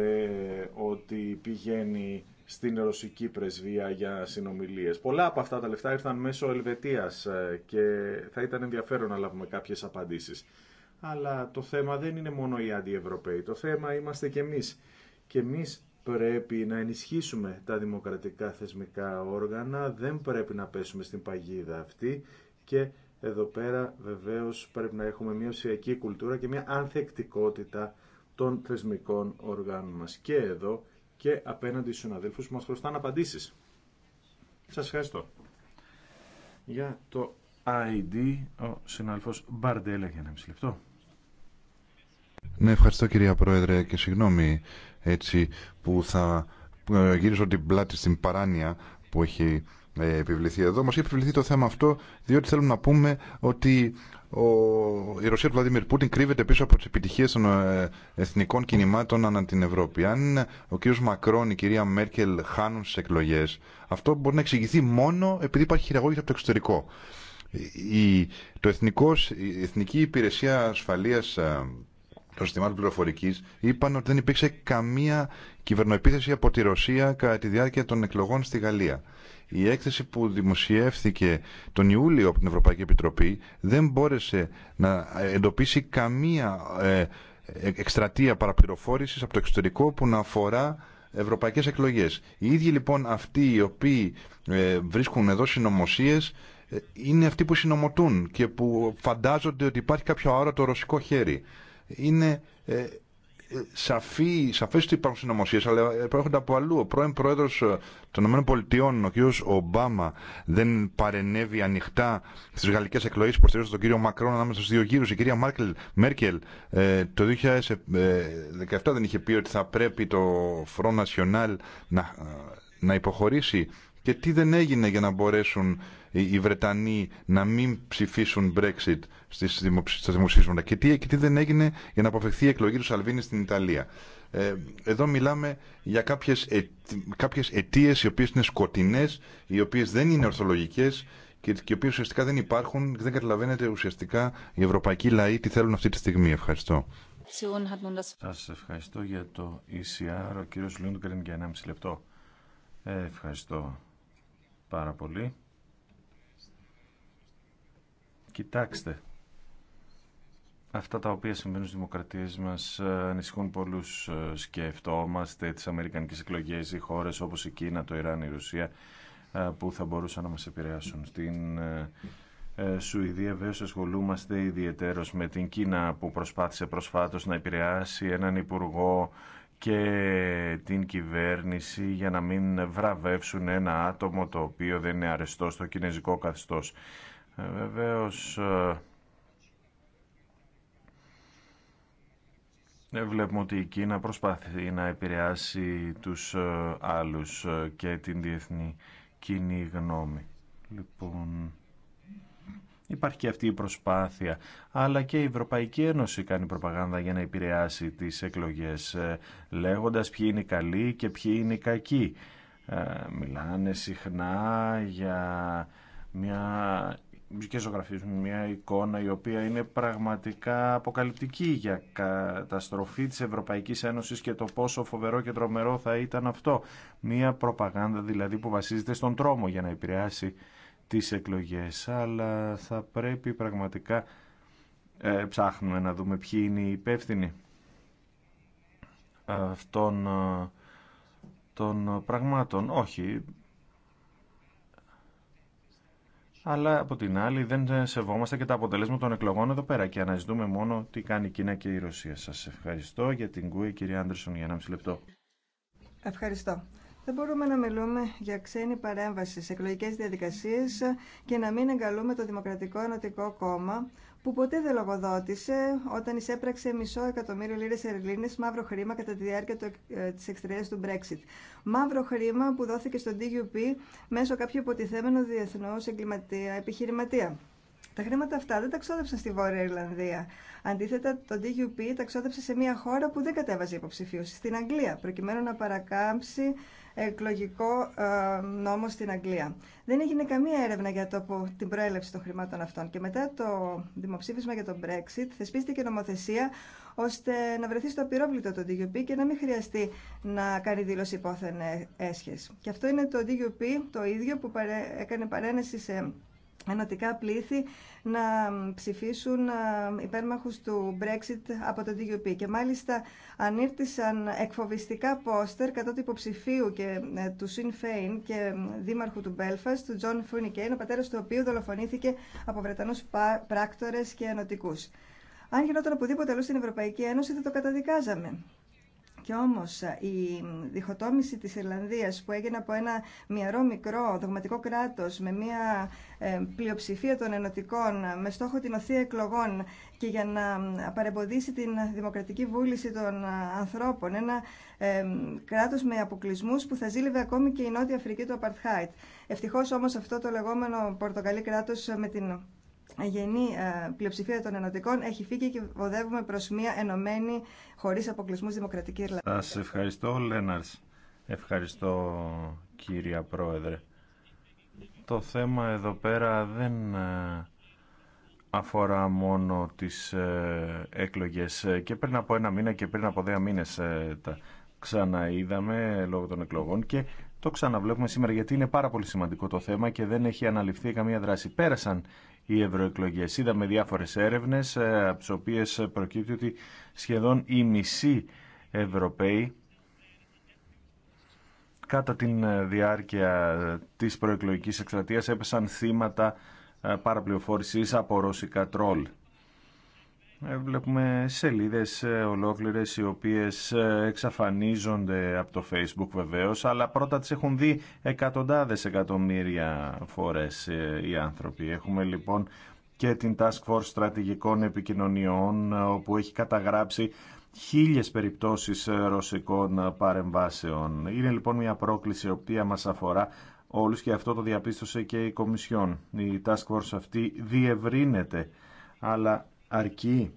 ότι πηγαίνει στην ρωσική πρεσβεία για συνομιλίες. Πολλά από αυτά τα λεφτά ήρθαν μέσω Ελβετίας ε, και θα ήταν ενδιαφέρον να λάβουμε κάποιες απαντήσεις. Αλλά το θέμα δεν είναι μόνο οι αντιευρωπαίοι, το θέμα είμαστε και εμείς. Και εμείς πρέπει να ενισχύσουμε τα δημοκρατικά θεσμικά όργανα, δεν πρέπει να πέσουμε στην παγίδα αυτή και εδώ πέρα βεβαίως πρέπει να έχουμε μια ουσιακή κουλτούρα και μια ανθεκτικότητα των θεσμικών οργάνων μας και εδώ και απέναντι στους συναδέλφους που μας χρωστάνε απαντήσεις. Σας ευχαριστώ. Για το ID, ο συναδελφός Μπαρντέλα για να μισή λεπτό. Ναι, ευχαριστώ κυρία Πρόεδρε και συγγνώμη έτσι που θα ε, γύρισω την πλάτη στην παράνοια που έχει ε, επιβληθεί εδώ. μα έχει επιβληθεί το θέμα αυτό διότι θέλουμε να πούμε ότι ο, η Ρωσία του Βλαδίμιρ Πούτιν κρύβεται πίσω από τι επιτυχίε των ε, εθνικών κινημάτων ανά την Ευρώπη. Αν ο κ. Μακρόν, η κυρία Μέρκελ χάνουν στι εκλογέ, αυτό μπορεί να εξηγηθεί μόνο επειδή υπάρχει χειραγώγηση από το εξωτερικό. Η, το εθνικός, η Εθνική Υπηρεσία Ασφαλείας ε, των συστημάτων πληροφορική είπαν ότι δεν υπήρξε καμία κυβερνοεπίθεση από τη Ρωσία κατά τη διάρκεια των εκλογών στη Γαλλία. Η έκθεση που δημοσιεύθηκε τον Ιούλιο από την Ευρωπαϊκή Επιτροπή δεν μπόρεσε να εντοπίσει καμία ε, εκστρατεία παραπληροφόρησης από το εξωτερικό που να αφορά ευρωπαϊκές εκλογές. Οι ίδιοι λοιπόν αυτοί οι οποίοι ε, βρίσκουν εδώ συνωμοσίε ε, είναι αυτοί που συνωμοτούν και που φαντάζονται ότι υπάρχει κάποιο αόρατο ρωσικό χέρι. Είναι σαφή, σαφές ότι υπάρχουν συνωμοσίες, αλλά προέρχονται από αλλού. Ο πρώην πρόεδρος ε, των ΗΠΑ, ο κ. Ομπάμα, δεν παρενέβη ανοιχτά στις γαλλικές εκλογές που προστηρίζονται τον κ. Μακρόν ανάμεσα στους δύο γύρους. Η κ. Μάρκελ, Μέρκελ ε, το 2017 ε, δεν είχε πει ότι θα πρέπει το Front National να, να υποχωρήσει και τι δεν έγινε για να μπορέσουν οι Βρετανοί να μην ψηφίσουν Brexit στις στα και τι, και δεν έγινε για να αποφευθεί η εκλογή του Σαλβίνη στην Ιταλία. Ε, εδώ μιλάμε για κάποιες, αιτίε, κάποιες αιτίες οι οποίες είναι σκοτεινές, οι οποίες δεν είναι ορθολογικές και οι οποίες ουσιαστικά δεν υπάρχουν και δεν καταλαβαίνετε ουσιαστικά οι ευρωπαϊκοί λαοί τι θέλουν αυτή τη στιγμή. Ευχαριστώ. Σα ευχαριστώ για το ECR. Ο κύριος Λούντγκριν για 1,5 λεπτό. Ε, ευχαριστώ πάρα πολύ. Κοιτάξτε, αυτά τα οποία συμβαίνουν στις δημοκρατίες μας ε, ανησυχούν πολλούς. Ε, σκεφτόμαστε τις αμερικανικές εκλογές, η χώρες όπως η Κίνα, το Ιράν, η Ρουσία, ε, που θα μπορούσαν να μας επηρεάσουν. Στην Σουηδία βέβαια ασχολούμαστε ιδιαιτέρως με την Κίνα που προσπάθησε προσφάτως να επηρεάσει έναν υπουργό και την κυβέρνηση για να μην βραβεύσουν ένα άτομο το οποίο δεν είναι αρεστό στο κινέζικο καθεστώς. Ε, βεβαίως ε, ε, βλέπουμε ότι η Κίνα προσπαθεί να επηρεάσει τους άλλους και την διεθνή κοινή γνώμη. Λοιπόν, υπάρχει και αυτή η προσπάθεια, αλλά και η Ευρωπαϊκή Ένωση κάνει προπαγάνδα για να επηρεάσει τις εκλογές, λέγοντας ποιοι είναι οι καλοί και ποιοι είναι οι κακοί. Μιλάνε συχνά για μια και ζωγραφίζουν μια εικόνα η οποία είναι πραγματικά αποκαλυπτική για καταστροφή της Ευρωπαϊκής Ένωσης και το πόσο φοβερό και τρομερό θα ήταν αυτό. Μια προπαγάνδα δηλαδή που βασίζεται στον τρόμο για να επηρεάσει τις εκλογές. Αλλά θα πρέπει πραγματικά ε, ψάχνουμε να δούμε ποιοι είναι οι υπεύθυνοι αυτών ε, των πραγμάτων. Όχι, αλλά από την άλλη δεν σεβόμαστε και τα αποτελέσματα των εκλογών εδώ πέρα και αναζητούμε μόνο τι κάνει η Κίνα και η Ρωσία. Σας ευχαριστώ για την ΚΟΥΕ, κυρία Άντερσον, για ένα μισή λεπτό. Ευχαριστώ. Δεν μπορούμε να μιλούμε για ξένη παρέμβαση σε εκλογικέ διαδικασίε και να μην εγκαλούμε το Δημοκρατικό Ενωτικό Κόμμα που ποτέ δεν λογοδότησε όταν εισέπραξε μισό εκατομμύριο λίρες ερλίνες μαύρο χρήμα κατά τη διάρκεια ε, τη εξτρέα του Brexit. Μαύρο χρήμα που δόθηκε στον DUP μέσω κάποιου υποτιθέμενου διεθνούς επιχειρηματία. Τα χρήματα αυτά δεν τα ξόδεψαν στη Βόρεια Ιρλανδία. Αντίθετα, το DUP τα ξόδεψε σε μια χώρα που δεν κατέβαζε υποψηφίωση, στην Αγγλία, προκειμένου να παρακάμψει εκλογικό ε, νόμο στην Αγγλία. Δεν έγινε καμία έρευνα για το, την προέλευση των χρημάτων αυτών. Και μετά το δημοψήφισμα για τον Brexit θεσπίστηκε νομοθεσία ώστε να βρεθεί στο απειρόβλητο το DUP και να μην χρειαστεί να κάνει δήλωση υπόθενε έσχεση. Και αυτό είναι το DUP το ίδιο που έκανε παρένεση σε ενωτικά πλήθη να ψηφίσουν ε, υπέρμαχους του Brexit από το DUP. Και μάλιστα ανήρτησαν εκφοβιστικά πόστερ κατά του υποψηφίου και ε, του Σιν Φέιν και ε, δήμαρχου του Μπέλφας, του Τζον Φουνικέιν, ο πατέρας του οποίου δολοφονήθηκε από Βρετανούς πράκτορες και ενωτικούς. Αν γινόταν οπουδήποτε αλλού στην Ευρωπαϊκή Ένωση θα το καταδικάζαμε. Κι όμως ε, η διχοτόμηση της Ιρλανδίας που έγινε από ένα μιαρό μικρό δογματικό κράτος με μια ε, πλειοψηφία των ενωτικών ε, με στόχο την οθεία εκλογών και για να παρεμποδίσει την δημοκρατική βούληση των ανθρώπων ένα κράτος με αποκλεισμούς που θα ζήλευε ακόμη και η Νότια Αφρική του Απαρτχάιτ. Ευτυχώς όμως αυτό το λεγόμενο πορτοκαλί κράτος με την γενή ε, πλειοψηφία των ενωτικών έχει φύγει και βοδεύουμε προς μια ενωμένη χωρίς αποκλεισμούς δημοκρατική Ιρλανδία. Σας ευχαριστώ Λέναρς. Ευχαριστώ κύρια Πρόεδρε. Το θέμα εδώ πέρα δεν ε, αφορά μόνο τις ε, εκλογές και πριν από ένα μήνα και πριν από δύο μήνες τα ξαναείδαμε λόγω των εκλογών και το ξαναβλέπουμε σήμερα γιατί είναι πάρα πολύ σημαντικό το θέμα και δεν έχει αναλυφθεί καμία δράση. Πέρασαν οι ευρωεκλογέ. Είδαμε διάφορε έρευνε, ε, από τι οποίε προκύπτει ότι σχεδόν η μισή Ευρωπαίοι κατά τη ε, διάρκεια της προεκλογικής εκστρατείας έπεσαν θύματα ε, παραπληροφόρησης από ρωσικά τρόλ. Ε, βλέπουμε σελίδες ε, ολόκληρες οι οποίες ε, εξαφανίζονται από το Facebook βεβαίως, αλλά πρώτα τις έχουν δει εκατοντάδες εκατομμύρια φορές οι άνθρωποι. Έχουμε λοιπόν και την Task Force Στρατηγικών Επικοινωνιών, όπου έχει καταγράψει χίλιες περιπτώσεις ρωσικών παρεμβάσεων. Είναι λοιπόν μια πρόκληση η οποία μας αφορά όλους και αυτό το διαπίστωσε και η Κομισιόν. Η Task Force αυτή διευρύνεται, αλλά αρκεί.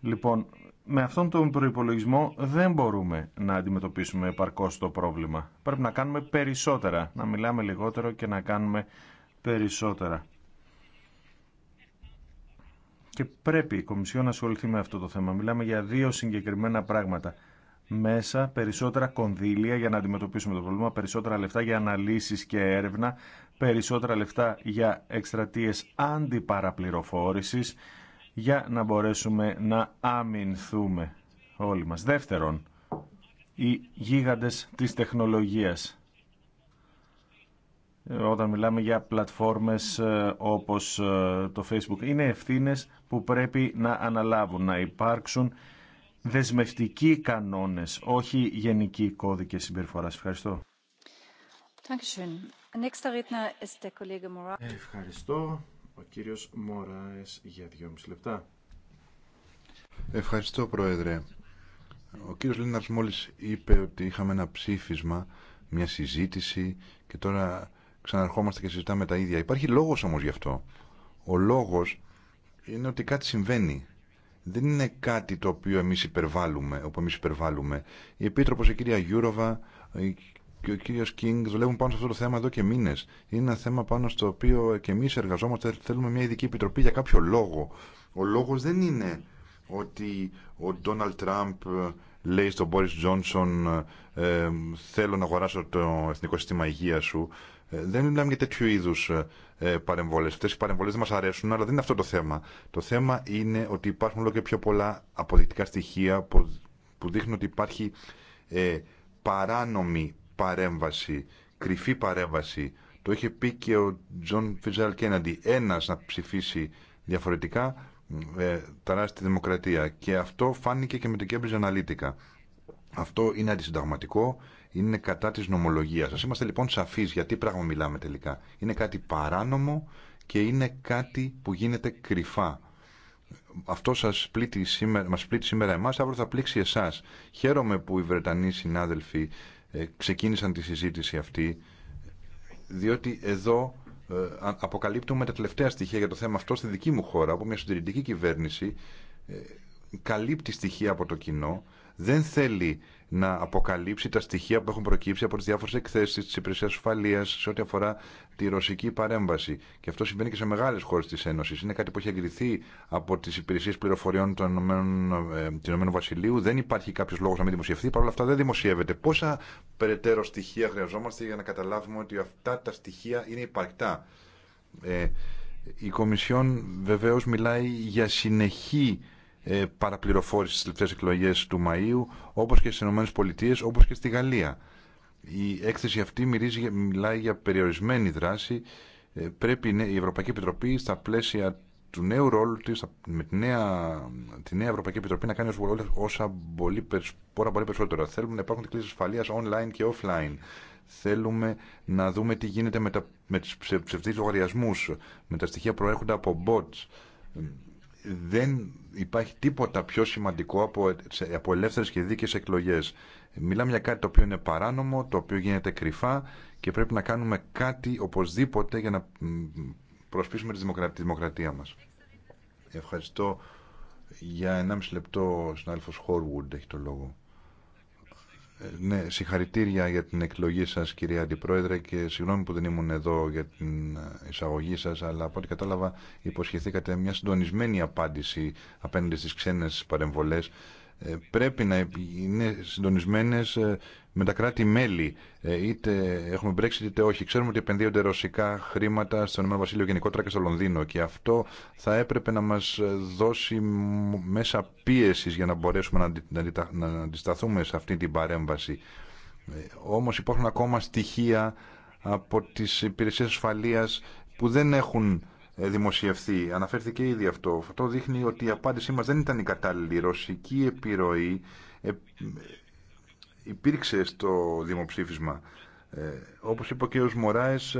Λοιπόν, με αυτόν τον προϋπολογισμό δεν μπορούμε να αντιμετωπίσουμε επαρκώς το πρόβλημα. Πρέπει να κάνουμε περισσότερα, να μιλάμε λιγότερο και να κάνουμε περισσότερα. Και πρέπει η Κομισιόν να ασχοληθεί με αυτό το θέμα. Μιλάμε για δύο συγκεκριμένα πράγματα μέσα, περισσότερα κονδύλια για να αντιμετωπίσουμε το πρόβλημα, περισσότερα λεφτά για αναλύσεις και έρευνα, περισσότερα λεφτά για εκστρατείες αντιπαραπληροφόρησης, για να μπορέσουμε να αμυνθούμε όλοι μας. Δεύτερον, οι γίγαντες της τεχνολογίας. Όταν μιλάμε για πλατφόρμες ε, όπως ε, το Facebook, είναι ευθύνες που πρέπει να αναλάβουν, να υπάρξουν δεσμευτικοί κανόνες, όχι γενικοί κώδικες συμπεριφοράς. Ευχαριστώ. Ευχαριστώ. Ο κύριος Μωράες για δυόμιση λεπτά. Ευχαριστώ, Πρόεδρε. Ο κύριος Λίναρς μόλις είπε ότι είχαμε ένα ψήφισμα, μια συζήτηση και τώρα ξαναρχόμαστε και συζητάμε τα ίδια. Υπάρχει λόγος όμως γι' αυτό. Ο λόγος είναι ότι κάτι συμβαίνει δεν είναι κάτι το οποίο εμείς υπερβάλλουμε, όπου εμείς υπερβάλλουμε. Η Επίτροπος, η κυρία Γιούροβα και ο κύριος Κίνγκ δουλεύουν πάνω σε αυτό το θέμα εδώ και μήνες. Είναι ένα θέμα πάνω στο οποίο και εμείς εργαζόμαστε, θέλουμε μια ειδική επιτροπή για κάποιο λόγο. Ο λόγος δεν είναι ότι ο Ντόναλτ Τραμπ ε, λέει στον Μπόρις Τζόνσον ε, ε, θέλω να αγοράσω το Εθνικό Σύστημα Υγείας σου ε, δεν μιλάμε για τέτοιου είδου ε, ε, παρεμβολέ. Αυτέ οι παρεμβολέ δεν μα αρέσουν, αλλά δεν είναι αυτό το θέμα. Το θέμα είναι ότι υπάρχουν όλο και πιο πολλά αποδεικτικά στοιχεία που δείχνουν ότι υπάρχει παράνομη παρέμβαση, κρυφή παρέμβαση. Το είχε πει και ο Τζον Φιζαλ Κέναντι. Ένα να ψηφίσει διαφορετικά ε, τη δημοκρατία. Και αυτό φάνηκε και με την Cambridge Analytica. Αυτό είναι αντισυνταγματικό είναι κατά της νομολογίας σας. Είμαστε λοιπόν σαφείς γιατί πράγμα μιλάμε τελικά. Είναι κάτι παράνομο και είναι κάτι που γίνεται κρυφά. Αυτό σας πλήττει σήμερα, μας πλήττει σήμερα εμάς, αύριο θα πλήξει εσάς. Χαίρομαι που οι Βρετανοί συνάδελφοι ε, ξεκίνησαν τη συζήτηση αυτή, διότι εδώ ε, αποκαλύπτουμε τα τελευταία στοιχεία για το θέμα αυτό στη δική μου χώρα, από μια συντηρητική κυβέρνηση, ε, καλύπτει στοιχεία από το κοινό, δεν θέλει να αποκαλύψει τα στοιχεία που έχουν προκύψει από τι διάφορε εκθέσει τη υπηρεσία ασφαλεία σε ό,τι αφορά τη ρωσική παρέμβαση. Και αυτό συμβαίνει και σε μεγάλε χώρε τη Ένωση. Είναι κάτι που έχει εγκριθεί από τι υπηρεσίε πληροφοριών ε, του Ηνωμένου Βασιλείου. Δεν υπάρχει κάποιο λόγο να μην δημοσιευθεί. Παρ' όλα αυτά δεν δημοσιεύεται. Πόσα περαιτέρω στοιχεία χρειαζόμαστε για να καταλάβουμε ότι αυτά τα στοιχεία είναι υπαρκτά. Ε, η Κομισιόν βεβαίω μιλάει για συνεχή ε, παραπληροφόρηση στις τελευταίες εκλογές του Μαΐου, όπως και στις ΗΠΑ, όπως και στη Γαλλία. Η έκθεση αυτή μυρίζει, μιλάει για περιορισμένη δράση. Ε, πρέπει η Ευρωπαϊκή Επιτροπή στα πλαίσια του νέου ρόλου της, με τη νέα, Ευρωπαϊκή Επιτροπή να κάνει όσα πολύ, πολύ, πολύ περισσότερα. Θέλουμε να υπάρχουν κλήσεις ασφαλείας online και offline. Θέλουμε να δούμε τι γίνεται με, τα, με τις ψευδείς λογαριασμούς, με τα στοιχεία προέρχονται από bots. Ε, δεν υπάρχει τίποτα πιο σημαντικό από, ε, από ελεύθερες και δίκαιες εκλογές. Μιλάμε για κάτι το οποίο είναι παράνομο, το οποίο γίνεται κρυφά και πρέπει να κάνουμε κάτι οπωσδήποτε για να προσπίσουμε τη δημοκρατία μας. Ευχαριστώ. Για 1,5 λεπτό ο συνάδελφο Χόρουντ έχει το λόγο. Ναι, συγχαρητήρια για την εκλογή σας κυρία Αντιπρόεδρε και συγγνώμη που δεν ήμουν εδώ για την ε, εισαγωγή σας αλλά από ό,τι κατάλαβα υποσχεθήκατε μια συντονισμένη απάντηση απέναντι στις ξένες παρεμβολές ε, πρέπει να είναι συντονισμένες ε, με τα κράτη-μέλη. Ε, είτε έχουμε Brexit είτε όχι. Ξέρουμε ότι επενδύονται ρωσικά χρήματα στον Ηνωμένο Βασίλειο γενικότερα και στο Λονδίνο και αυτό θα έπρεπε να μας δώσει μέσα πίεσης για να μπορέσουμε να αντισταθούμε σε αυτή την παρέμβαση. Όμως υπάρχουν ακόμα στοιχεία από τις υπηρεσίες ασφαλείας που δεν έχουν ε, δημοσιευθεί. Αναφέρθηκε ήδη αυτό. Αυτό δείχνει ότι η απάντησή μας δεν ήταν η κατάλληλη. Η ρωσική επιρροή ε, υπήρξε στο δημοψήφισμα. Ε, όπως είπε ο κ. Μωράες,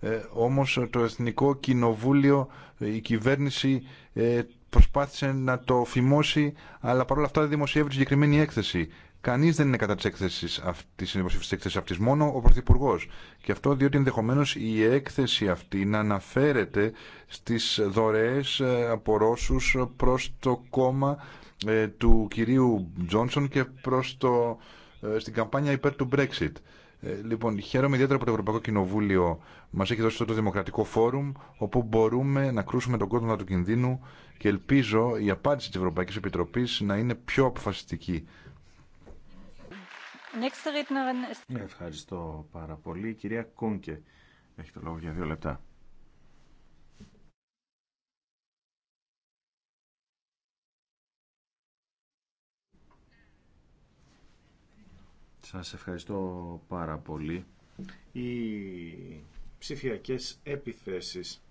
ε, όμως το Εθνικό Κοινοβούλιο, ε, η κυβέρνηση προσπάθησε να το φημώσει, αλλά παρόλα αυτά δεν δημοσιεύει τη συγκεκριμένη έκθεση. Κανεί δεν είναι κατά τη έκθεση αυτή, τη έκθεση αυτή, μόνο ο Πρωθυπουργό. Και αυτό διότι ενδεχομένω η έκθεση αυτή να αναφέρεται στι δωρεέ ε, από Ρώσου προ το κόμμα ε, του κυρίου Τζόνσον και προς το, ε, στην καμπάνια υπέρ του Brexit. Ε, λοιπόν, χαίρομαι ιδιαίτερα που το Ευρωπαϊκό Κοινοβούλιο μα έχει δώσει το Δημοκρατικό Φόρουμ, όπου μπορούμε να κρούσουμε τον κόσμο του κινδύνου και ελπίζω η απάντηση τη Ευρωπαϊκή Επιτροπή να είναι πιο αποφασιστική Ευχαριστώ πάρα πολύ. Η κυρία Κούνκε έχει το λόγο για δύο λεπτά. Σας ευχαριστώ πάρα πολύ. Οι ψηφιακές επιθέσεις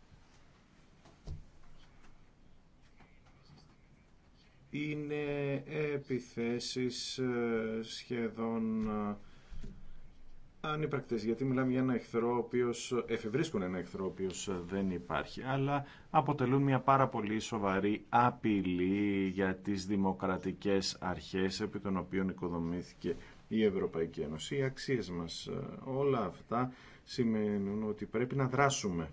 είναι επιθέσεις ε, σχεδόν ε, ανύπαρκτες, γιατί μιλάμε για ένα εχθρό ο οποίος, εφευρίσκουν ένα εχθρό ο οποίος ε, δεν υπάρχει, αλλά αποτελούν μια πάρα πολύ σοβαρή απειλή για τις δημοκρατικές αρχές επί των οποίων οικοδομήθηκε η Ευρωπαϊκή Ένωση, οι αξίες μας. Όλα αυτά σημαίνουν ότι πρέπει να δράσουμε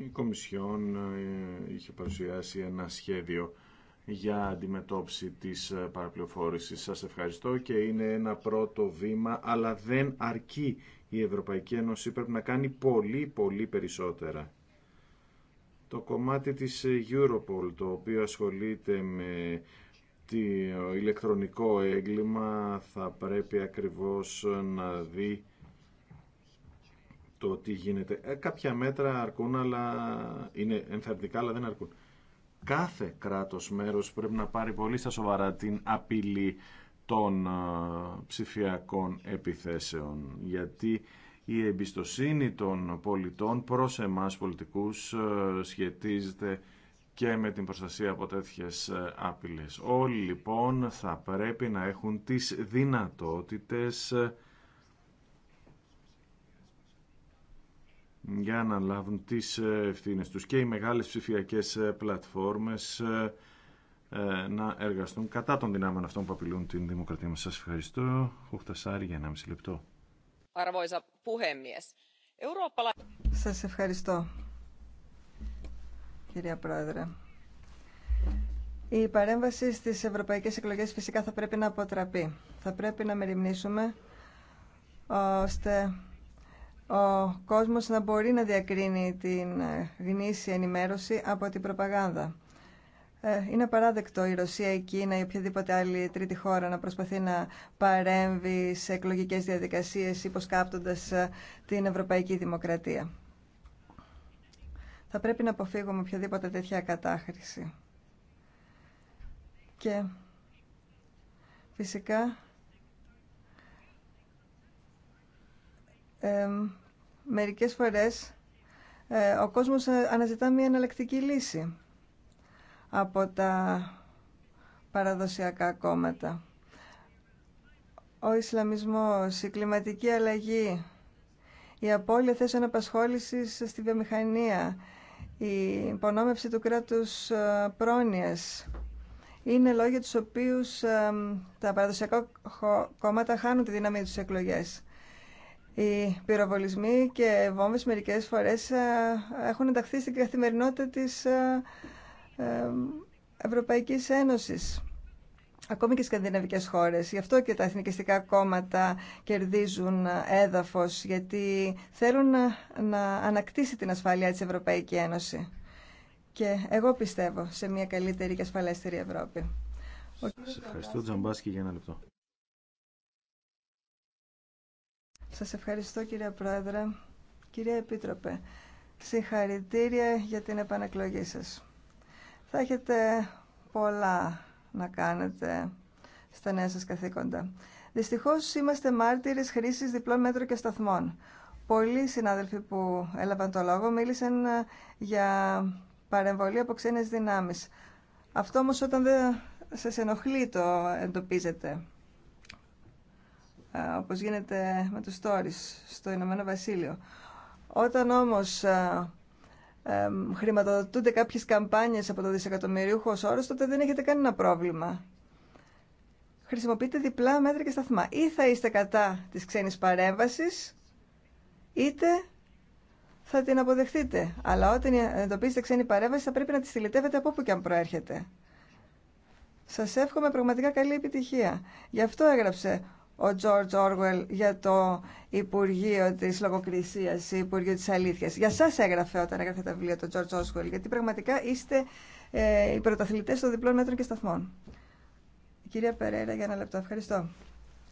η Κομισιόν ε, είχε παρουσιάσει ένα σχέδιο για αντιμετώπιση της ε, παραπληροφόρησης. Σας ευχαριστώ και είναι ένα πρώτο βήμα, αλλά δεν αρκεί η Ευρωπαϊκή Ένωση. Πρέπει να κάνει πολύ πολύ περισσότερα. Το κομμάτι της ε, Europol, το οποίο ασχολείται με το ηλεκτρονικό έγκλημα, θα πρέπει ακριβώς να δει το τι γίνεται. Ε, κάποια μέτρα αρκούν, αλλά είναι ενθαρρυντικά, αλλά δεν αρκούν. Κάθε κράτος μέρος πρέπει να πάρει πολύ στα σοβαρά την απειλή των ε, ψηφιακών επιθέσεων, γιατί η εμπιστοσύνη των πολιτών προς εμάς πολιτικούς ε, σχετίζεται και με την προστασία από τέτοιες άπειλες. Όλοι λοιπόν θα πρέπει να έχουν τις δυνατότητες για να λάβουν τις ε, ευθύνε τους και οι μεγάλες ψηφιακές ε, πλατφόρμες ε, να εργαστούν κατά των δυνάμεων αυτών που απειλούν την δημοκρατία μας. Σας ευχαριστώ. Χουχτασάρη για 1,5 λεπτό. Σας ευχαριστώ, κυρία Πρόεδρε. Η παρέμβαση στις ευρωπαϊκές εκλογές φυσικά θα πρέπει να αποτραπεί. Θα πρέπει να μεριμνήσουμε ώστε ο κόσμος να μπορεί να διακρίνει την ε, γνήσια ενημέρωση από την προπαγάνδα. Ε, είναι απαράδεκτο η Ρωσία, η Κίνα ή οποιαδήποτε άλλη τρίτη χώρα να προσπαθεί να παρέμβει σε εκλογικές διαδικασίες υποσκάπτοντας ε, την ευρωπαϊκή δημοκρατία. Θα πρέπει να αποφύγουμε οποιαδήποτε τέτοια κατάχρηση. Και φυσικά ε, μερικές φορές ε, ο κόσμος αναζητά μια εναλλακτική λύση από τα παραδοσιακά κόμματα. Ο Ισλαμισμός, η κλιματική αλλαγή, η απώλεια θέσεων απασχόλησης στη βιομηχανία, η υπονόμευση του κράτους ε, πρόνοιας, είναι λόγια τους οποίους ε, τα παραδοσιακά κόμματα χάνουν τη δύναμη τους εκλογές. Οι πυροβολισμοί και βόμβες μερικές φορές ε, έχουν ενταχθεί στην καθημερινότητα της ε, ε, Ευρωπαϊκής Ένωσης. Ακόμη και σκανδιναβικές χώρες. Γι' αυτό και τα εθνικιστικά κόμματα κερδίζουν έδαφος, γιατί θέλουν να ανακτήσει την ασφάλεια της Ευρωπαϊκή Ένωση. Και εγώ πιστεύω σε μια καλύτερη και ασφαλέστερη Ευρώπη. Σας ευχαριστώ, για ένα λεπτό. Σας ευχαριστώ κυρία Πρόεδρε. Κυρία Επίτροπε, συγχαρητήρια για την επανακλογή σας. Θα έχετε πολλά να κάνετε στα νέα σας καθήκοντα. Δυστυχώς είμαστε μάρτυρες χρήσης διπλών μέτρων και σταθμών. Πολλοί συνάδελφοι που έλαβαν το λόγο μίλησαν ε, για παρεμβολή από ξένες δυνάμεις. Αυτό όμως όταν δεν σας ενοχλεί το εντοπίζετε όπως γίνεται με τους stories στο Ηνωμένο Βασίλειο. Όταν όμως χρηματοδοτούνται κάποιες καμπάνιες από το δισεκατομμυρίουχο όρος, τότε δεν έχετε κανένα πρόβλημα. Χρησιμοποιείτε διπλά μέτρα και σταθμά. Ή θα είστε κατά της ξένης παρέμβασης, είτε θα την αποδεχτείτε. Αλλά όταν εντοπίζετε ξένη παρέμβαση θα πρέπει να τη στυλιτεύετε από όπου και αν προέρχεται. Σας εύχομαι πραγματικά καλή επιτυχία. Γι' αυτό έγραψε ο Τζόρτζ Όργουελ για το Υπουργείο της Λογοκρισίας, Υπουργείο της Αλήθεια. Για σας έγραφε όταν έγραφε τα βιβλία του Τζόρτζ Όργουελ, γιατί πραγματικά είστε ε, οι πρωταθλητέ των διπλών μέτρων και σταθμών. κυρία Περέρα, για ένα λεπτό. Ευχαριστώ.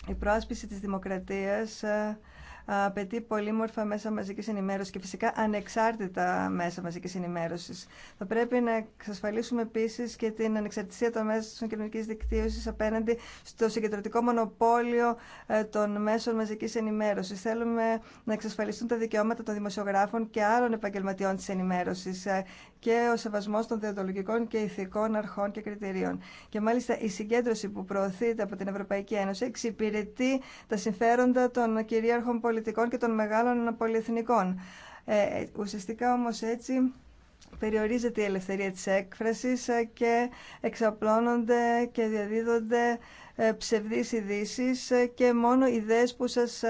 Η προάσπιση της δημοκρατίας ε, απαιτεί πολύμορφα μέσα μαζικής ενημέρωσης και φυσικά ανεξάρτητα μέσα μαζικής ενημέρωσης. Θα πρέπει να εξασφαλίσουμε επίση και την ανεξαρτησία των μέσων κοινωνικής δικτύωσης απέναντι στο συγκεντρωτικό μονοπόλιο ε, των μέσων μαζικής ενημέρωσης. Θέλουμε να εξασφαλιστούν τα δικαιώματα των δημοσιογράφων και άλλων επαγγελματιών της ενημέρωσης ε, και ο σεβασμός των διοντολογικών και ηθικών αρχών και κριτηρίων. Και μάλιστα η συγκέντρωση που προωθείται από την Ευρωπαϊκή Ένωση εξυπηρετεί τα συμφέροντα των κυρίαρχων πολιτικών και των μεγάλων πολυεθνικών. Ε, ουσιαστικά όμως έτσι περιορίζεται η ελευθερία της έκφρασης ε, και εξαπλώνονται και διαδίδονται ε, ψευδείς ειδήσει ε, και μόνο ιδέες που σας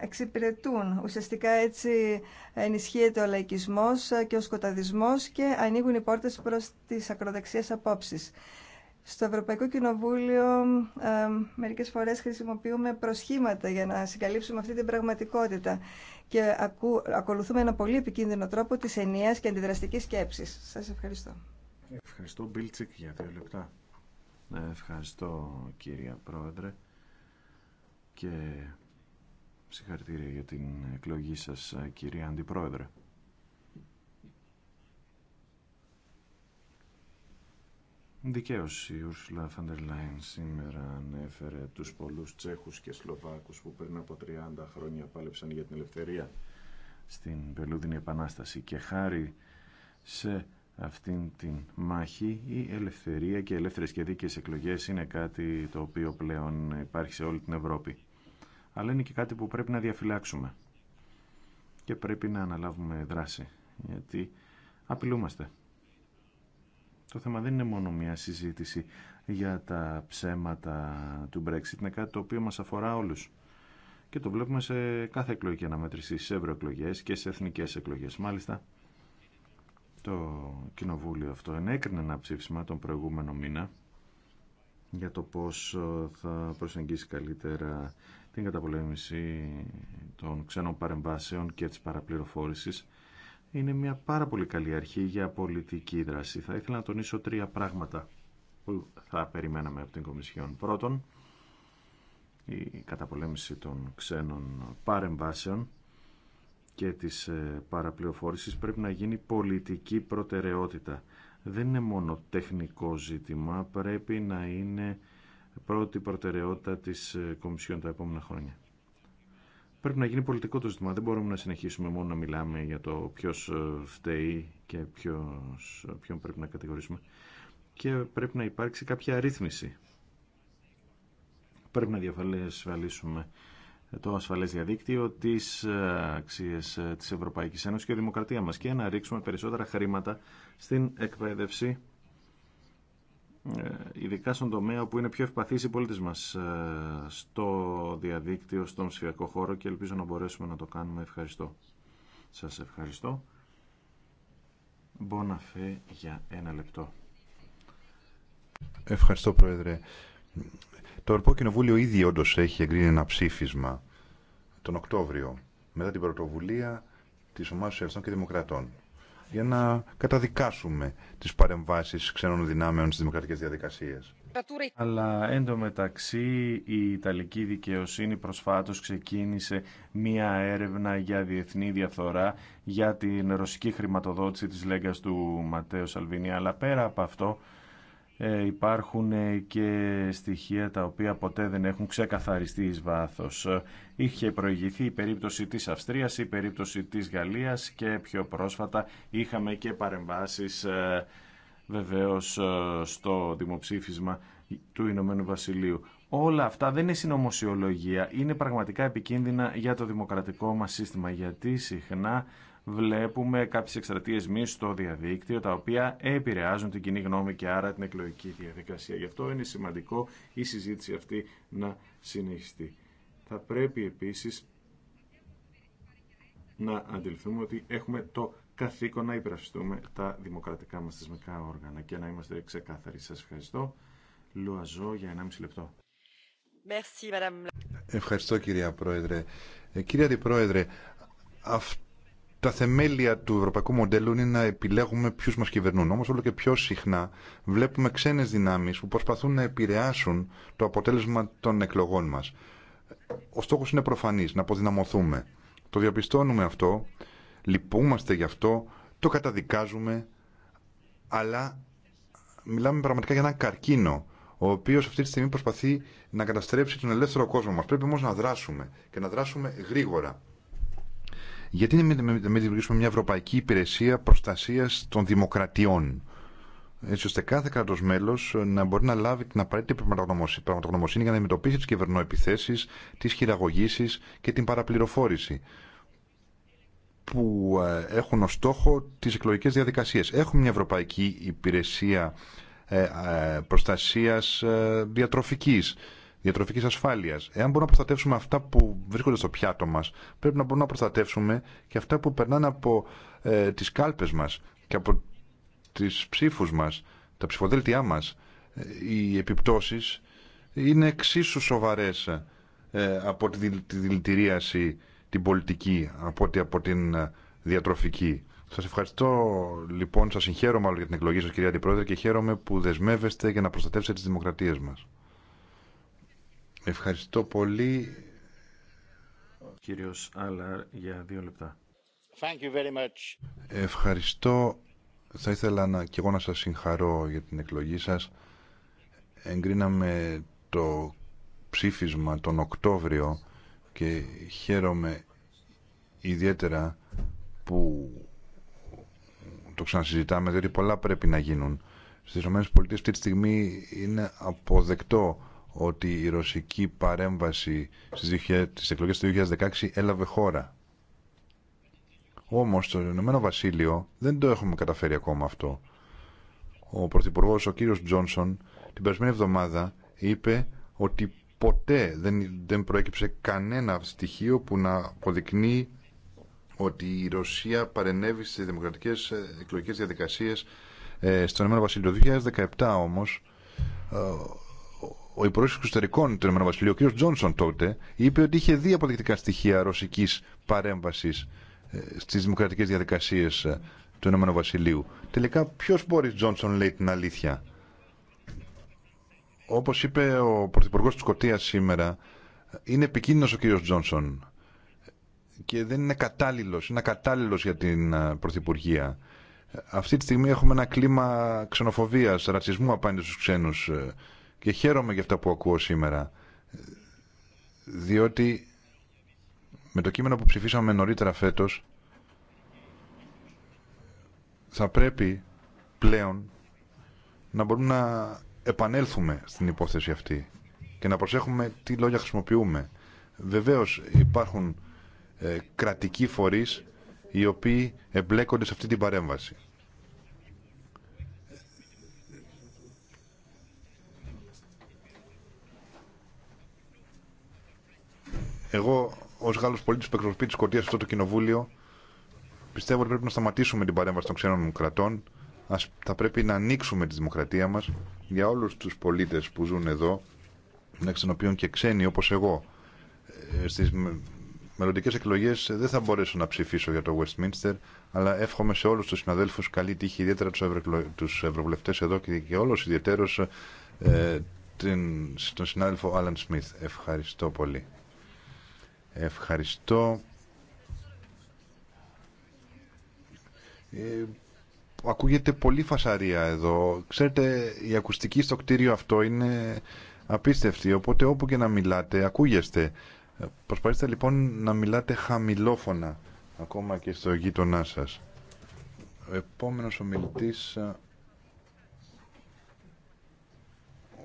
εξυπηρετούν. Ουσιαστικά έτσι ενισχύεται ο λαϊκισμός και ο σκοταδισμός και ανοίγουν οι πόρτες προς τις ακροδεξίες απόψεις. Στο Ευρωπαϊκό Κοινοβούλιο ε, μερικές φορές χρησιμοποιούμε προσχήματα για να συγκαλύψουμε αυτή την πραγματικότητα και ακολουθούμε ένα πολύ επικίνδυνο τρόπο της ενίας και αντιδραστικής σκέψης. Σας ευχαριστώ. Ευχαριστώ ε, Ευχαριστώ Πρόεδρε Συγχαρητήρια για την εκλογή σας, κυρία Αντιπρόεδρε. Δικαίως η Ούρσουλα Φαντερ σήμερα ανέφερε τους πολλούς Τσέχους και Σλοβάκους που πριν από 30 χρόνια πάλεψαν για την ελευθερία στην Πελούδινη Επανάσταση και χάρη σε αυτήν την μάχη η ελευθερία και ελεύθερες και δίκαιες εκλογές είναι κάτι το οποίο πλέον υπάρχει σε όλη την Ευρώπη αλλά είναι και κάτι που πρέπει να διαφυλάξουμε και πρέπει να αναλάβουμε δράση, γιατί απειλούμαστε. Το θέμα δεν είναι μόνο μια συζήτηση για τα ψέματα του Brexit, είναι κάτι το οποίο μας αφορά όλους. Και το βλέπουμε σε κάθε εκλογική αναμέτρηση, σε ευρωεκλογέ και σε εθνικές εκλογές. Μάλιστα, το κοινοβούλιο αυτό ενέκρινε ένα ψήφισμα τον προηγούμενο μήνα για το πώς θα προσεγγίσει καλύτερα την καταπολέμηση των ξένων παρεμβάσεων και της παραπληροφόρησης είναι μια πάρα πολύ καλή αρχή για πολιτική δράση. Θα ήθελα να τονίσω τρία πράγματα που θα περιμέναμε από την Κομισιόν. Πρώτον, η καταπολέμηση των ξένων παρεμβάσεων και της ε, παραπληροφόρησης πρέπει να γίνει πολιτική προτεραιότητα. Δεν είναι μόνο τεχνικό ζήτημα, πρέπει να είναι πρώτη προτεραιότητα της ε, Κομισιόν τα επόμενα χρόνια. Πρέπει να γίνει πολιτικό το ζήτημα. Δεν μπορούμε να συνεχίσουμε μόνο να μιλάμε για το ποιο ε, φταίει και ποιος, ε, ποιον πρέπει να κατηγορήσουμε. Και πρέπει να υπάρξει κάποια αρρύθμιση. Πρέπει να διασφαλίσουμε το ασφαλές διαδίκτυο, τι αξίε της Ευρωπαϊκή Ένωση και η δημοκρατία μα και να ρίξουμε περισσότερα χρήματα στην εκπαίδευση ε, ειδικά στον τομέα που είναι πιο ευπαθής οι πολίτες μας ε, στο διαδίκτυο, στον ψηφιακό χώρο και ελπίζω να μπορέσουμε να το κάνουμε. Ευχαριστώ. Σας ευχαριστώ. Μποναφέ για ένα λεπτό. Ευχαριστώ Πρόεδρε. Το Ευρωπαϊκό Κοινοβούλιο ήδη όντω έχει εγκρίνει ένα ψήφισμα τον Οκτώβριο μετά την πρωτοβουλία της Ομάδας Σοσιαλιστών και Δημοκρατών για να καταδικάσουμε τις παρεμβάσεις ξένων δυνάμεων στις δημοκρατικές διαδικασίες. Αλλά εντωμεταξύ η Ιταλική δικαιοσύνη προσφάτως ξεκίνησε μία έρευνα για διεθνή διαφθορά για την ρωσική χρηματοδότηση της Λέγκας του Ματέο Σαλβίνη. Αλλά πέρα από αυτό ε, υπάρχουν ε, και στοιχεία τα οποία ποτέ δεν έχουν ξεκαθαριστεί εις βάθος. Είχε προηγηθεί η περίπτωση της Αυστρίας, η περίπτωση της Γαλλίας και πιο πρόσφατα είχαμε και παρεμβάσεις ε, βεβαίως στο δημοψήφισμα του Ηνωμένου Βασιλείου. Όλα αυτά δεν είναι συνωμοσιολογία, είναι πραγματικά επικίνδυνα για το δημοκρατικό μας σύστημα, γιατί συχνά βλέπουμε κάποιες εκστρατείες μη στο διαδίκτυο τα οποία επηρεάζουν την κοινή γνώμη και άρα την εκλογική διαδικασία. Γι' αυτό είναι σημαντικό η συζήτηση αυτή να συνεχιστεί. Θα πρέπει επίσης να αντιληφθούμε ότι έχουμε το καθήκον να υπερασπιστούμε τα δημοκρατικά μας θεσμικά όργανα και να είμαστε ξεκάθαροι. Σα ευχαριστώ. Λουαζό για 1,5 λεπτό. Ευχαριστώ κυρία Πρόεδρε. Ε, κυρία Αντιπρόεδρε, τα θεμέλια του ευρωπαϊκού μοντέλου είναι να επιλέγουμε ποιου μα κυβερνούν. Όμω όλο και πιο συχνά βλέπουμε ξένε δυνάμει που προσπαθούν να επηρεάσουν το αποτέλεσμα των εκλογών μα. Ο στόχο είναι προφανή, να αποδυναμωθούμε. Το διαπιστώνουμε αυτό, λυπούμαστε γι' αυτό, το καταδικάζουμε, αλλά μιλάμε πραγματικά για έναν καρκίνο, ο οποίο αυτή τη στιγμή προσπαθεί να καταστρέψει τον ελεύθερο κόσμο μα. Πρέπει όμω να δράσουμε και να δράσουμε γρήγορα. Γιατί να μην δημιουργήσουμε μια ευρωπαϊκή υπηρεσία προστασίας των δημοκρατιών έτσι ώστε κάθε κράτο μέλο να μπορεί να λάβει την απαραίτητη πραγματογνωμοσύνη για να αντιμετωπίσει τι κυβερνοεπιθέσει, τι χειραγωγήσει και την παραπληροφόρηση που ε, έχουν ως στόχο τις εκλογικές διαδικασίες. Έχουμε μια Ευρωπαϊκή Υπηρεσία ε, ε, Προστασίας Διατροφικής Διατροφική ασφάλεια. Εάν μπορούμε να προστατεύσουμε αυτά που βρίσκονται στο πιάτο μα, πρέπει να μπορούμε να προστατεύσουμε και αυτά που περνάνε από ε, τις κάλπες μας και από τις ψήφου μα, τα ψηφοδέλτιά μας. Ε, οι επιπτώσει είναι εξίσου σοβαρέ ε, από τη, τη δηλητηρίαση, την πολιτική, από ότι από την ε, διατροφική. Σας ευχαριστώ λοιπόν, σας συγχαίρω μάλλον για την εκλογή σας κυρία Αντιπρόεδρε και χαίρομαι που δεσμεύεστε για να προστατεύσετε τις δημοκρατίες μας. Ευχαριστώ πολύ. κύριος Άλλαρ για δύο λεπτά. Thank you Ευχαριστώ. Θα ήθελα να, και εγώ να σας συγχαρώ για την εκλογή σας. Εγκρίναμε το ψήφισμα τον Οκτώβριο και χαίρομαι ιδιαίτερα που το ξανασυζητάμε, διότι πολλά πρέπει να γίνουν. Στις ΗΠΑ αυτή τη στιγμή είναι αποδεκτό ότι η ρωσική παρέμβαση στις εκλογές του 2016 έλαβε χώρα. Όμως το Ηνωμένο Βασίλειο δεν το έχουμε καταφέρει ακόμα αυτό. Ο Πρωθυπουργό, ο κύριος Τζόνσον, την περασμένη εβδομάδα είπε ότι ποτέ δεν, δεν προέκυψε κανένα στοιχείο που να αποδεικνύει ότι η Ρωσία παρενέβη στις δημοκρατικές ε, εκλογικές διαδικασίες ε, στον Ηνωμένο Βασίλειο. Το 2017 όμως ε, ο Υπουργό Εξωτερικών του ΕΒ, ο κ. Τζόνσον τότε, είπε ότι είχε δύο αποδεικτικά στοιχεία ρωσική παρέμβαση ε, στι δημοκρατικέ διαδικασίε ε, του ΕΒ. Βασιλείου. Τελικά, ποιο Μπόρι Τζόνσον λέει την αλήθεια. Όπω είπε ο Πρωθυπουργό τη Σκωτία σήμερα, είναι επικίνδυνο ο κ. Τζόνσον και δεν είναι κατάλληλο, είναι ακατάλληλο για την ε, Πρωθυπουργία. Αυτή τη στιγμή έχουμε ένα κλίμα ξενοφοβία, ρατσισμού απέναντι στου ξένου και χαίρομαι για αυτά που ακούω σήμερα. Διότι με το κείμενο που ψηφίσαμε νωρίτερα φέτος θα πρέπει πλέον να μπορούμε να επανέλθουμε στην υπόθεση αυτή και να προσέχουμε τι λόγια χρησιμοποιούμε. Βεβαίως υπάρχουν ε, κρατικοί φορείς οι οποίοι εμπλέκονται σε αυτή την παρέμβαση. Εγώ ω Γάλλο πολίτη που εκπροσωπεί τη Σκοτία σε αυτό το κοινοβούλιο, πιστεύω ότι πρέπει να σταματήσουμε την παρέμβαση των ξένων κρατών. Ας, θα πρέπει να ανοίξουμε τη δημοκρατία μα για όλου του πολίτε που ζουν εδώ, μεταξύ των οποίων και ξένοι όπω εγώ. Ε, Στι μελλοντικέ εκλογέ δεν θα μπορέσω να ψηφίσω για το Westminster, αλλά εύχομαι σε όλου του συναδέλφου καλή τύχη, ιδιαίτερα του ευρωβουλευτέ εδώ και, και όλο ιδιαίτερω ε, τον συνάδελφο Άλαν Σμιθ. Ευχαριστώ πολύ. Ευχαριστώ. Ε, ακούγεται πολύ φασαρία εδώ. Ξέρετε, η ακουστική στο κτίριο αυτό είναι απίστευτη, οπότε όπου και να μιλάτε, ακούγεστε. Προσπαθήστε λοιπόν να μιλάτε χαμηλόφωνα, ακόμα και στο γείτονά σας. Ο επόμενος ομιλητής,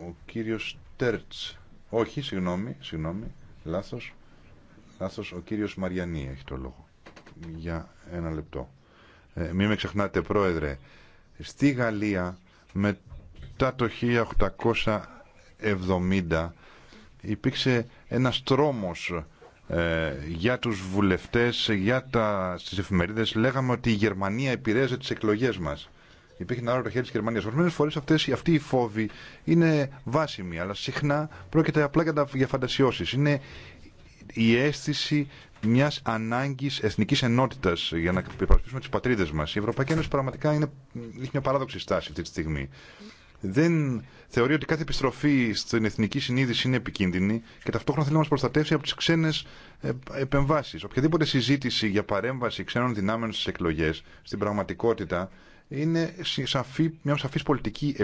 ο κύριος Τέρτς. Όχι, συγγνώμη, συγγνώμη, λάθος σας. Ο κύριος Μαριανή έχει το λόγο. Για ένα λεπτό. Ε, μην με ξεχνάτε πρόεδρε. Στη Γαλλία μετά το 1870 υπήρξε ένας τρόμος ε, για τους βουλευτές, για τα, στις εφημερίδες. Λέγαμε ότι η Γερμανία επηρέαζε τις εκλογές μας. Υπήρχε ένα άλλο το χέρι τη Γερμανία. Ορισμένε φορέ αυτή η φόβη είναι βάσιμη, αλλά συχνά πρόκειται απλά για φαντασιώσει. Είναι η αίσθηση μια ανάγκη εθνική ενότητα για να υπερασπίσουμε τι πατρίδε μα. Η Ευρωπαϊκή Ένωση πραγματικά είναι, έχει μια παράδοξη στάση αυτή τη στιγμή. Δεν θεωρεί ότι κάθε επιστροφή στην εθνική συνείδηση είναι επικίνδυνη και ταυτόχρονα θέλει να μα προστατεύσει από τι ξένε επεμβάσει. Οποιαδήποτε συζήτηση για παρέμβαση ξένων δυνάμεων στι εκλογέ στην πραγματικότητα είναι σαφή, μια σαφή πολιτική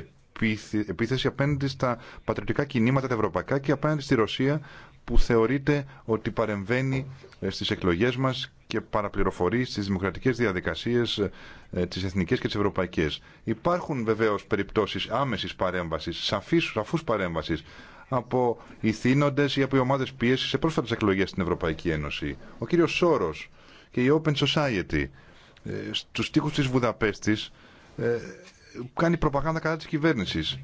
επίθεση απέναντι στα πατριωτικά κινήματα τα ευρωπαϊκά και απέναντι στη Ρωσία που θεωρείται ότι παρεμβαίνει ε, στις εκλογές μας και παραπληροφορεί στις δημοκρατικές διαδικασίες ε, τις εθνικές και τις ευρωπαϊκές. Υπάρχουν βεβαίως περιπτώσεις άμεσης παρέμβασης, σαφής, σαφούς παρέμβασης από ηθήνοντες ή από οι ομάδες πίεσης σε πρόσφατες εκλογές στην Ευρωπαϊκή Ένωση. Ο κύριος Σόρος και η Open Society ε, στους στίχους της Βουδαπέστης κάνει προπαγάνδα κατά της κυβέρνησης.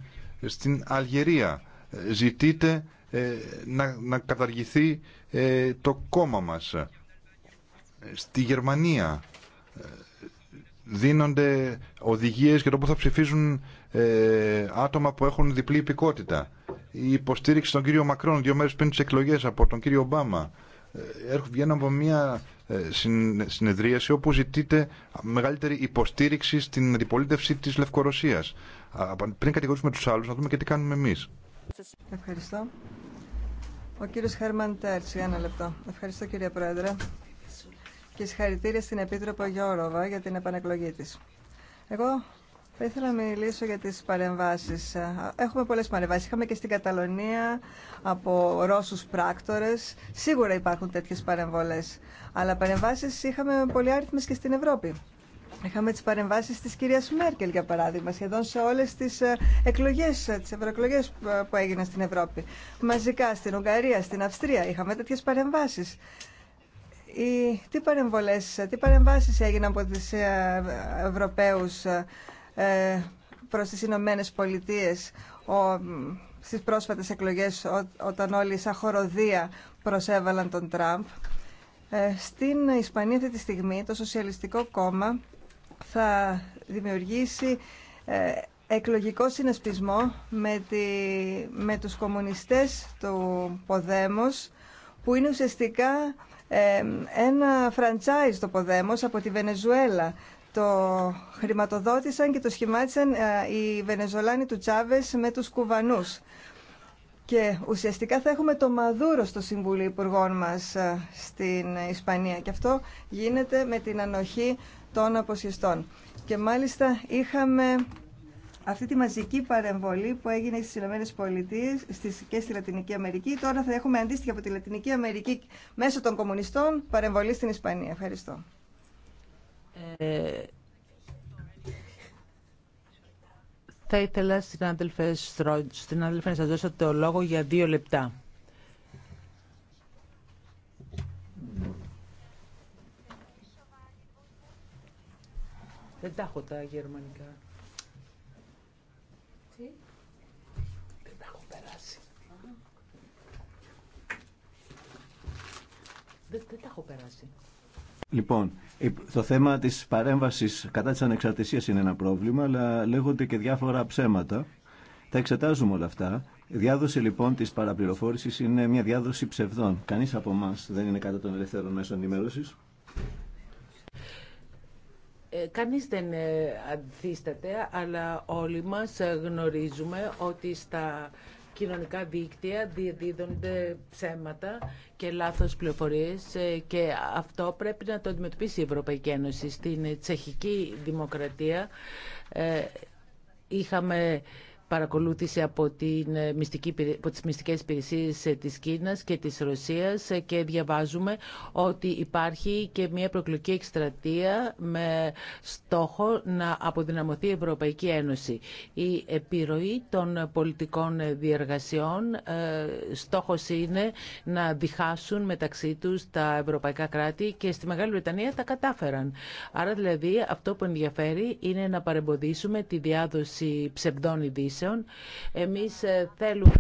Στην Αλγερία ζητείται ε, να, να καταργηθεί ε, το κόμμα μας. Ε, στη Γερμανία δίνονται οδηγίες για το που θα ψηφίζουν άτομα που έχουν διπλή υπηκότητα. Η υποστήριξη των κύριο Μακρόν δύο μέρες πριν τις εκλογές από τον κύριο Ομπάμα. Βγαίνουν από μια συνεδρίαση όπου ζητείται μεγαλύτερη υποστήριξη στην αντιπολίτευση της Λευκορωσίας. Πριν κατηγορήσουμε τους άλλους να δούμε και τι κάνουμε εμείς. Ευχαριστώ. Ο κύριος Χέρμαν για ένα λεπτό. Ευχαριστώ κύριε Πρόεδρε και συγχαρητήρια στην Επίτροπο Γιώροβα για την επανεκλογή της. Εγώ θα ήθελα να μιλήσω για τις παρεμβάσεις. Έχουμε πολλές παρεμβάσεις. Είχαμε και στην Καταλωνία από Ρώσους πράκτορες. Σίγουρα υπάρχουν τέτοιες παρεμβολές. Αλλά παρεμβάσεις είχαμε πολύ άριθμες και στην Ευρώπη. Είχαμε τι παρεμβάσει της κυρίας Μέρκελ, για παράδειγμα, σχεδόν σε όλες τις ε, εκλογές, ε, τι ευρωεκλογέ ε, που έγιναν στην Ευρώπη. Μαζικά, στην Ουγγαρία, στην Αυστρία, είχαμε τέτοιε παρεμβάσεις. τι παρεμβολές, τι παρεμβάσεις έγιναν από τις Ευρωπαίους προ προς τις Ηνωμένε Πολιτείες ο, στις πρόσφατες εκλογές όταν όλοι σαν χοροδία προσέβαλαν τον Τραμπ. στην Ισπανία αυτή τη στιγμή το Σοσιαλιστικό Κόμμα θα δημιουργήσει ε, εκλογικό συνασπισμό με, τη, με τους κομμουνιστές του Ποδέμος που είναι ουσιαστικά ε, ένα franchise το Ποδέμος από τη Βενεζουέλα. Το χρηματοδότησαν και το σχημάτισαν ε, οι Βενεζολάνοι του Τσάβες με τους Κουβανούς. Και ουσιαστικά θα έχουμε το Μαδούρο στο Συμβούλιο Υπουργών μας στην Ισπανία. Και αυτό γίνεται με την ανοχή των αποσχεστών. Και μάλιστα είχαμε αυτή τη μαζική παρεμβολή που έγινε στις Ηνωμένες Πολιτείες και στη Λατινική Αμερική. Τώρα θα έχουμε αντίστοιχα από τη Λατινική Αμερική μέσω των κομμουνιστών παρεμβολή στην Ισπανία. Ευχαριστώ. Ε, θα ήθελα, στην συνάδελφε, να σας δώσω το λόγο για δύο λεπτά. Δεν τα έχω τα γερμανικά. Δεν τα έχω περάσει. Δεν, τα έχω περάσει. Λοιπόν, το θέμα της παρέμβασης κατά της ανεξαρτησίας είναι ένα πρόβλημα, αλλά λέγονται και διάφορα ψέματα. Τα εξετάζουμε όλα αυτά. Η διάδοση λοιπόν της παραπληροφόρησης είναι μια διάδοση ψευδών. Κανείς από εμά δεν είναι κατά των ελευθερών μέσων ενημέρωση. Κανείς δεν ε, αντίσταται, αλλά όλοι μας ε, γνωρίζουμε ότι στα κοινωνικά δίκτυα διαδίδονται ψέματα και λάθος πληροφορίες ε, και αυτό πρέπει να το αντιμετωπίσει η Ευρωπαϊκή Ένωση. Στην τσεχική δημοκρατία είχαμε παρακολούθηση από, την ε, μυστική, από τις μυστικές υπηρεσίες ε, της Κίνας και της Ρωσίας ε, και διαβάζουμε ότι υπάρχει και μια προκλογική εκστρατεία με στόχο να αποδυναμωθεί η Ευρωπαϊκή Ένωση. Η επιρροή των πολιτικών διεργασιών στόχος είναι να διχάσουν μεταξύ τους τα ευρωπαϊκά κράτη και στη Μεγάλη Βρετανία τα κατάφεραν. Άρα δηλαδή αυτό που ενδιαφέρει είναι να παρεμποδίσουμε τη διάδοση ψευδών ειδήσεων επενδύσεων. Εμείς ε, θέλουμε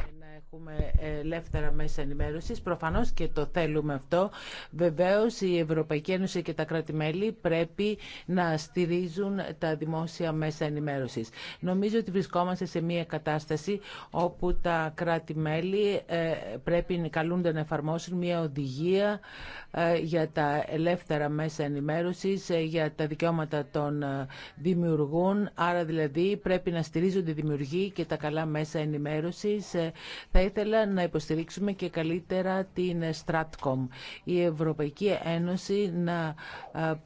έχουμε ε, ελεύθερα μέσα ενημέρωση. Προφανώ και το θέλουμε αυτό. Βεβαίω η Ευρωπαϊκή Ένωση και τα κράτη-μέλη πρέπει να στηρίζουν τα δημόσια μέσα ενημέρωση. Νομίζω ότι βρισκόμαστε σε μια κατάσταση όπου τα κράτη-μέλη ε, πρέπει να καλούνται να εφαρμόσουν μια οδηγία ε, για τα ελεύθερα μέσα ενημέρωση για τα δικαιώματα των δημιουργών. Άρα δηλαδή πρέπει να στηρίζονται οι δημιουργοί και τα καλά μέσα ενημέρωση ήθελα να υποστηρίξουμε και καλύτερα την Stratcom. Η Ευρωπαϊκή Ένωση να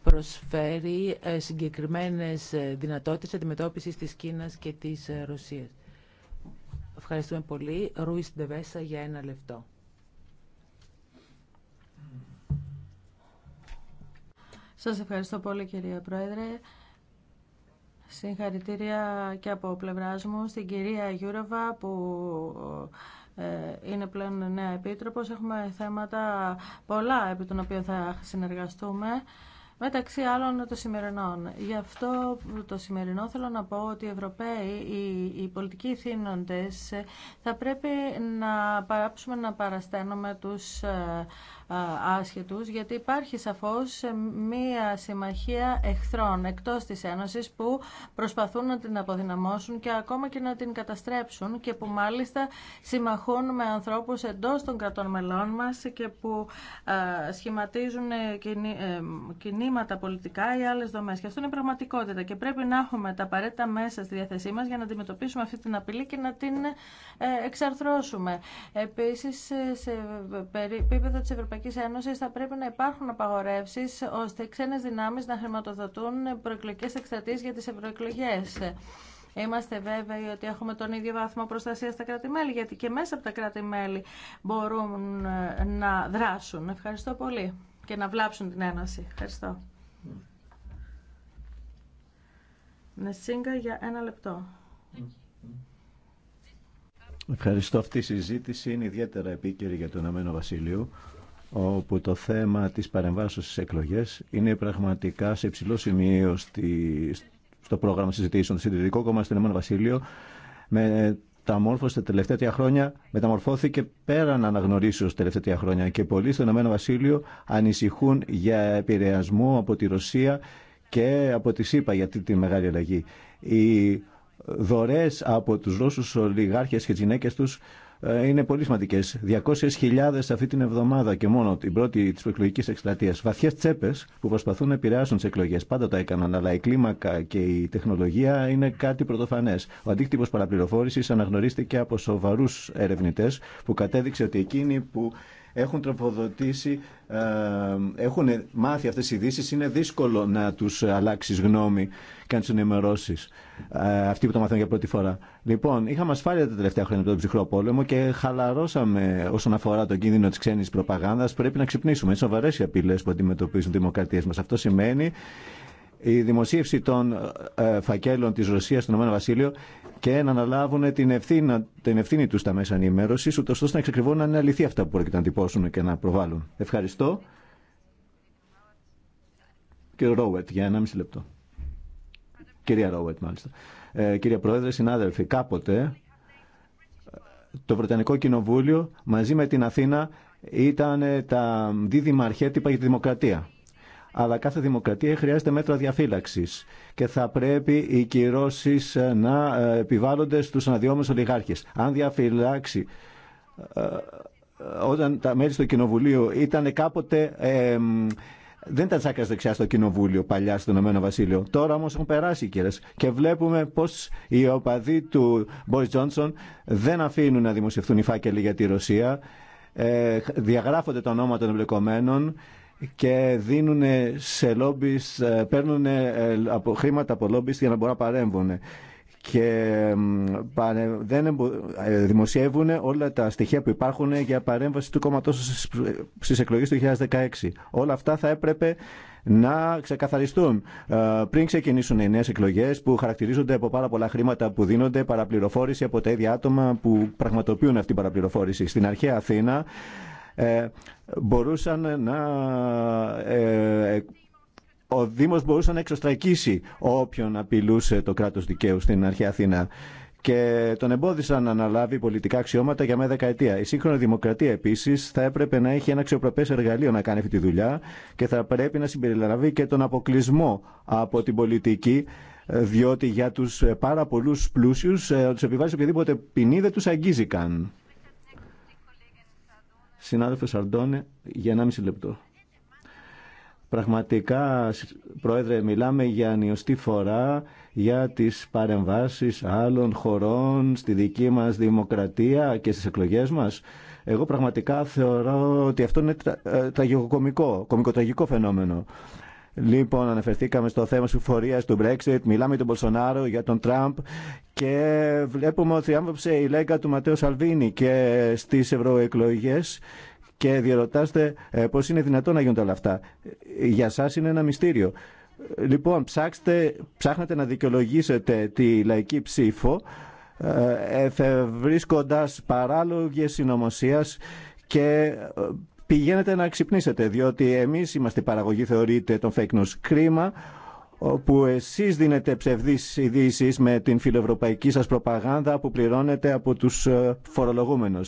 προσφέρει ε, συγκεκριμένες ε, δυνατότητες αντιμετώπισης της Κίνας και της ε, Ρωσίας. Ευχαριστούμε πολύ. Ρούις Ντεβέσα για ένα λεπτό. Σας ευχαριστώ πολύ κυρία Πρόεδρε. Συγχαρητήρια και από πλευράς μου στην κυρία Γιούροβα που ε, είναι πλέον νέα επίτροπος. Έχουμε θέματα πολλά επί των οποίων θα συνεργαστούμε μεταξύ άλλων των σημερινών. Γι' αυτό το σημερινό θέλω να πω ότι οι Ευρωπαίοι, οι, πολιτικοί θύνοντες, θα πρέπει να παράψουμε να παρασταίνουμε τους ε, άσχετους γιατί υπάρχει σαφώς μία συμμαχία εχθρών εκτός της Ένωσης που προσπαθούν να την αποδυναμώσουν και ακόμα και να την καταστρέψουν και που μάλιστα συμμαχούν με ανθρώπους εντός των κρατών μελών μας και που σχηματίζουν κινήματα πολιτικά ή άλλες δομές. Και αυτό είναι πραγματικότητα και πρέπει να έχουμε τα απαραίτητα μέσα στη διάθεσή μας για να αντιμετωπίσουμε αυτή την απειλή και να την εξαρθρώσουμε. Επίσης, σε επίπεδο Ευρωπαϊκής Ένωσης θα πρέπει να υπάρχουν απαγορεύσεις ώστε ξένες δυνάμεις να χρηματοδοτούν προεκλογικές εκστρατείες για τις ευρωεκλογές. Είμαστε βέβαιοι ότι έχουμε τον ίδιο βαθμό προστασία στα κράτη-μέλη, γιατί και μέσα από τα κράτη-μέλη μπορούν να δράσουν. Ευχαριστώ πολύ και να βλάψουν την Ένωση. Ευχαριστώ. Νεσίγκα για ένα λεπτό. Ευχαριστώ. Αυτή η συζήτηση είναι ιδιαίτερα επίκαιρη για τον Αμένο Βασίλειο όπου το θέμα της παρεμβάσεως στις εκλογές είναι πραγματικά σε υψηλό σημείο στη, στο πρόγραμμα συζητήσεων. του Συντηρητικού Κόμμα στο Ηνωμένο Βασίλειο μεταμόρφωσε τα τελευταία χρόνια, μεταμορφώθηκε πέραν αναγνωρίσεως τα τελευταία χρόνια και πολλοί στο Ηνωμένο Βασίλειο ανησυχούν για επηρεασμό από τη Ρωσία και από τη ΣΥΠΑ για τη, τη μεγάλη αλλαγή. Οι δωρές από τους Ρώσους ολιγάρχες και τις γυναίκες τους ε, είναι πολύ σημαντικέ. 200.000 αυτή την εβδομάδα και μόνο την πρώτη τη προεκλογική εκστρατεία. Βαθιέ τσέπε που προσπαθούν να επηρεάσουν τι εκλογέ. Πάντα τα έκαναν, αλλά η κλίμακα και η τεχνολογία είναι κάτι πρωτοφανέ. Ο αντίκτυπο παραπληροφόρηση αναγνωρίστηκε από σοβαρού ερευνητέ που κατέδειξε ότι εκείνοι που έχουν τροφοδοτήσει, ε, έχουν μάθει αυτές οι ειδήσει, είναι δύσκολο να τους αλλάξει γνώμη και να τους ενημερώσει. Ε, αυτοί που το μαθαίνουν για πρώτη φορά. Λοιπόν, είχαμε ασφάλεια τα τελευταία χρόνια από τον ψυχρό πόλεμο και χαλαρώσαμε όσον αφορά τον κίνδυνο τη ξένη προπαγάνδα. Πρέπει να ξυπνήσουμε. Είναι σοβαρέ οι απειλέ που αντιμετωπίζουν οι δημοκρατίε μα. Αυτό σημαίνει η δημοσίευση των ε, φακέλων της Ρωσίας στον Ηνωμένο Βασίλειο και να αναλάβουν την ευθύνη, την ευθύνη τους στα μέσα ενημέρωσης, ούτως ώστε να εξακριβώνουν να είναι αληθή αυτά που πρόκειται να τυπώσουν και να προβάλλουν. Ευχαριστώ. Κύριε Ρόουετ, για ένα μισή λεπτό. Κυρία Ρόουετ, μάλιστα. Ε, κύριε Πρόεδρε, συνάδελφοι, κάποτε ε, το Βρετανικό Κοινοβούλιο μαζί με την Αθήνα ήταν ε, τα δίδυμα αρχέτυπα για τη δημοκρατία αλλά κάθε δημοκρατία χρειάζεται μέτρα διαφύλαξης και θα πρέπει οι κυρώσει ε, να ε, επιβάλλονται στους αναδυόμενους ολιγάρχες. Αν διαφυλάξει ε, όταν τα μέλη στο Κοινοβουλίο ήταν κάποτε ε, δεν ήταν τσάκα δεξιά στο κοινοβούλιο παλιά στον Ηνωμένο Βασίλειο. Τώρα όμω έχουν περάσει οι κυρίε και βλέπουμε πώ οι οπαδοί του Μπόρι Τζόνσον δεν αφήνουν να δημοσιευθούν οι φάκελοι για τη Ρωσία. Ε, διαγράφονται τα ονόματα των εμπλεκομένων και δίνουν σε λόμπις, ε, παίρνουν ε, από, χρήματα από λόμπις για να μπορούν να παρέμβουν και δεν ε, δημοσιεύουν όλα τα στοιχεία που υπάρχουν για παρέμβαση του κόμματος στις εκλογές του 2016. Όλα αυτά θα έπρεπε να ξεκαθαριστούν πριν ξεκινήσουν οι νέες εκλογές που χαρακτηρίζονται από πάρα πολλά χρήματα που δίνονται, παραπληροφόρηση από τα ίδια άτομα που πραγματοποιούν αυτή την παραπληροφόρηση. Στην αρχαία Αθήνα ε, μπορούσαν να ε, ε, ο Δήμος μπορούσε να εξωστρακίσει όποιον απειλούσε το κράτος δικαίου στην αρχαία Αθήνα και τον εμπόδισαν να αναλάβει πολιτικά αξιώματα για μια δεκαετία. Η σύγχρονη δημοκρατία επίση θα έπρεπε να έχει ένα αξιοπρεπέ εργαλείο να κάνει αυτή τη δουλειά και θα πρέπει να συμπεριλαβεί και τον αποκλεισμό από την πολιτική, διότι για του πάρα πολλού πλούσιου του επιβάλλει οποιαδήποτε ποινή δεν του αγγίζει καν συνάδελφε Αρντώνε, για 1,5 λεπτό. Πραγματικά, Πρόεδρε, μιλάμε για νιωστή φορά για τις παρεμβάσεις άλλων χωρών στη δική μας δημοκρατία και στις εκλογές μας. Εγώ πραγματικά θεωρώ ότι αυτό είναι ε, τραγικοκομικό, κομικοτραγικό φαινόμενο. Λοιπόν, αναφερθήκαμε στο θέμα συμφορία του Brexit, μιλάμε για τον Μπολσονάρο, για τον Τραμπ και βλέπουμε ότι άμβοψε η λέγκα του Ματέο Σαλβίνη και στις ευρωεκλογέ και διαρωτάστε ε, πώς είναι δυνατόν να γίνονται όλα αυτά. Για σας είναι ένα μυστήριο. Λοιπόν, ψάξτε, ψάχνετε να δικαιολογήσετε τη λαϊκή ψήφο ε, ε παράλογες συνωμοσίας και ε, πηγαίνετε να ξυπνήσετε, διότι εμείς είμαστε η παραγωγή, θεωρείτε, των fake news. Κρίμα όπου εσείς δίνετε ψευδείς ειδήσει με την φιλοευρωπαϊκή σας προπαγάνδα που πληρώνετε από τους ε, φορολογούμενους.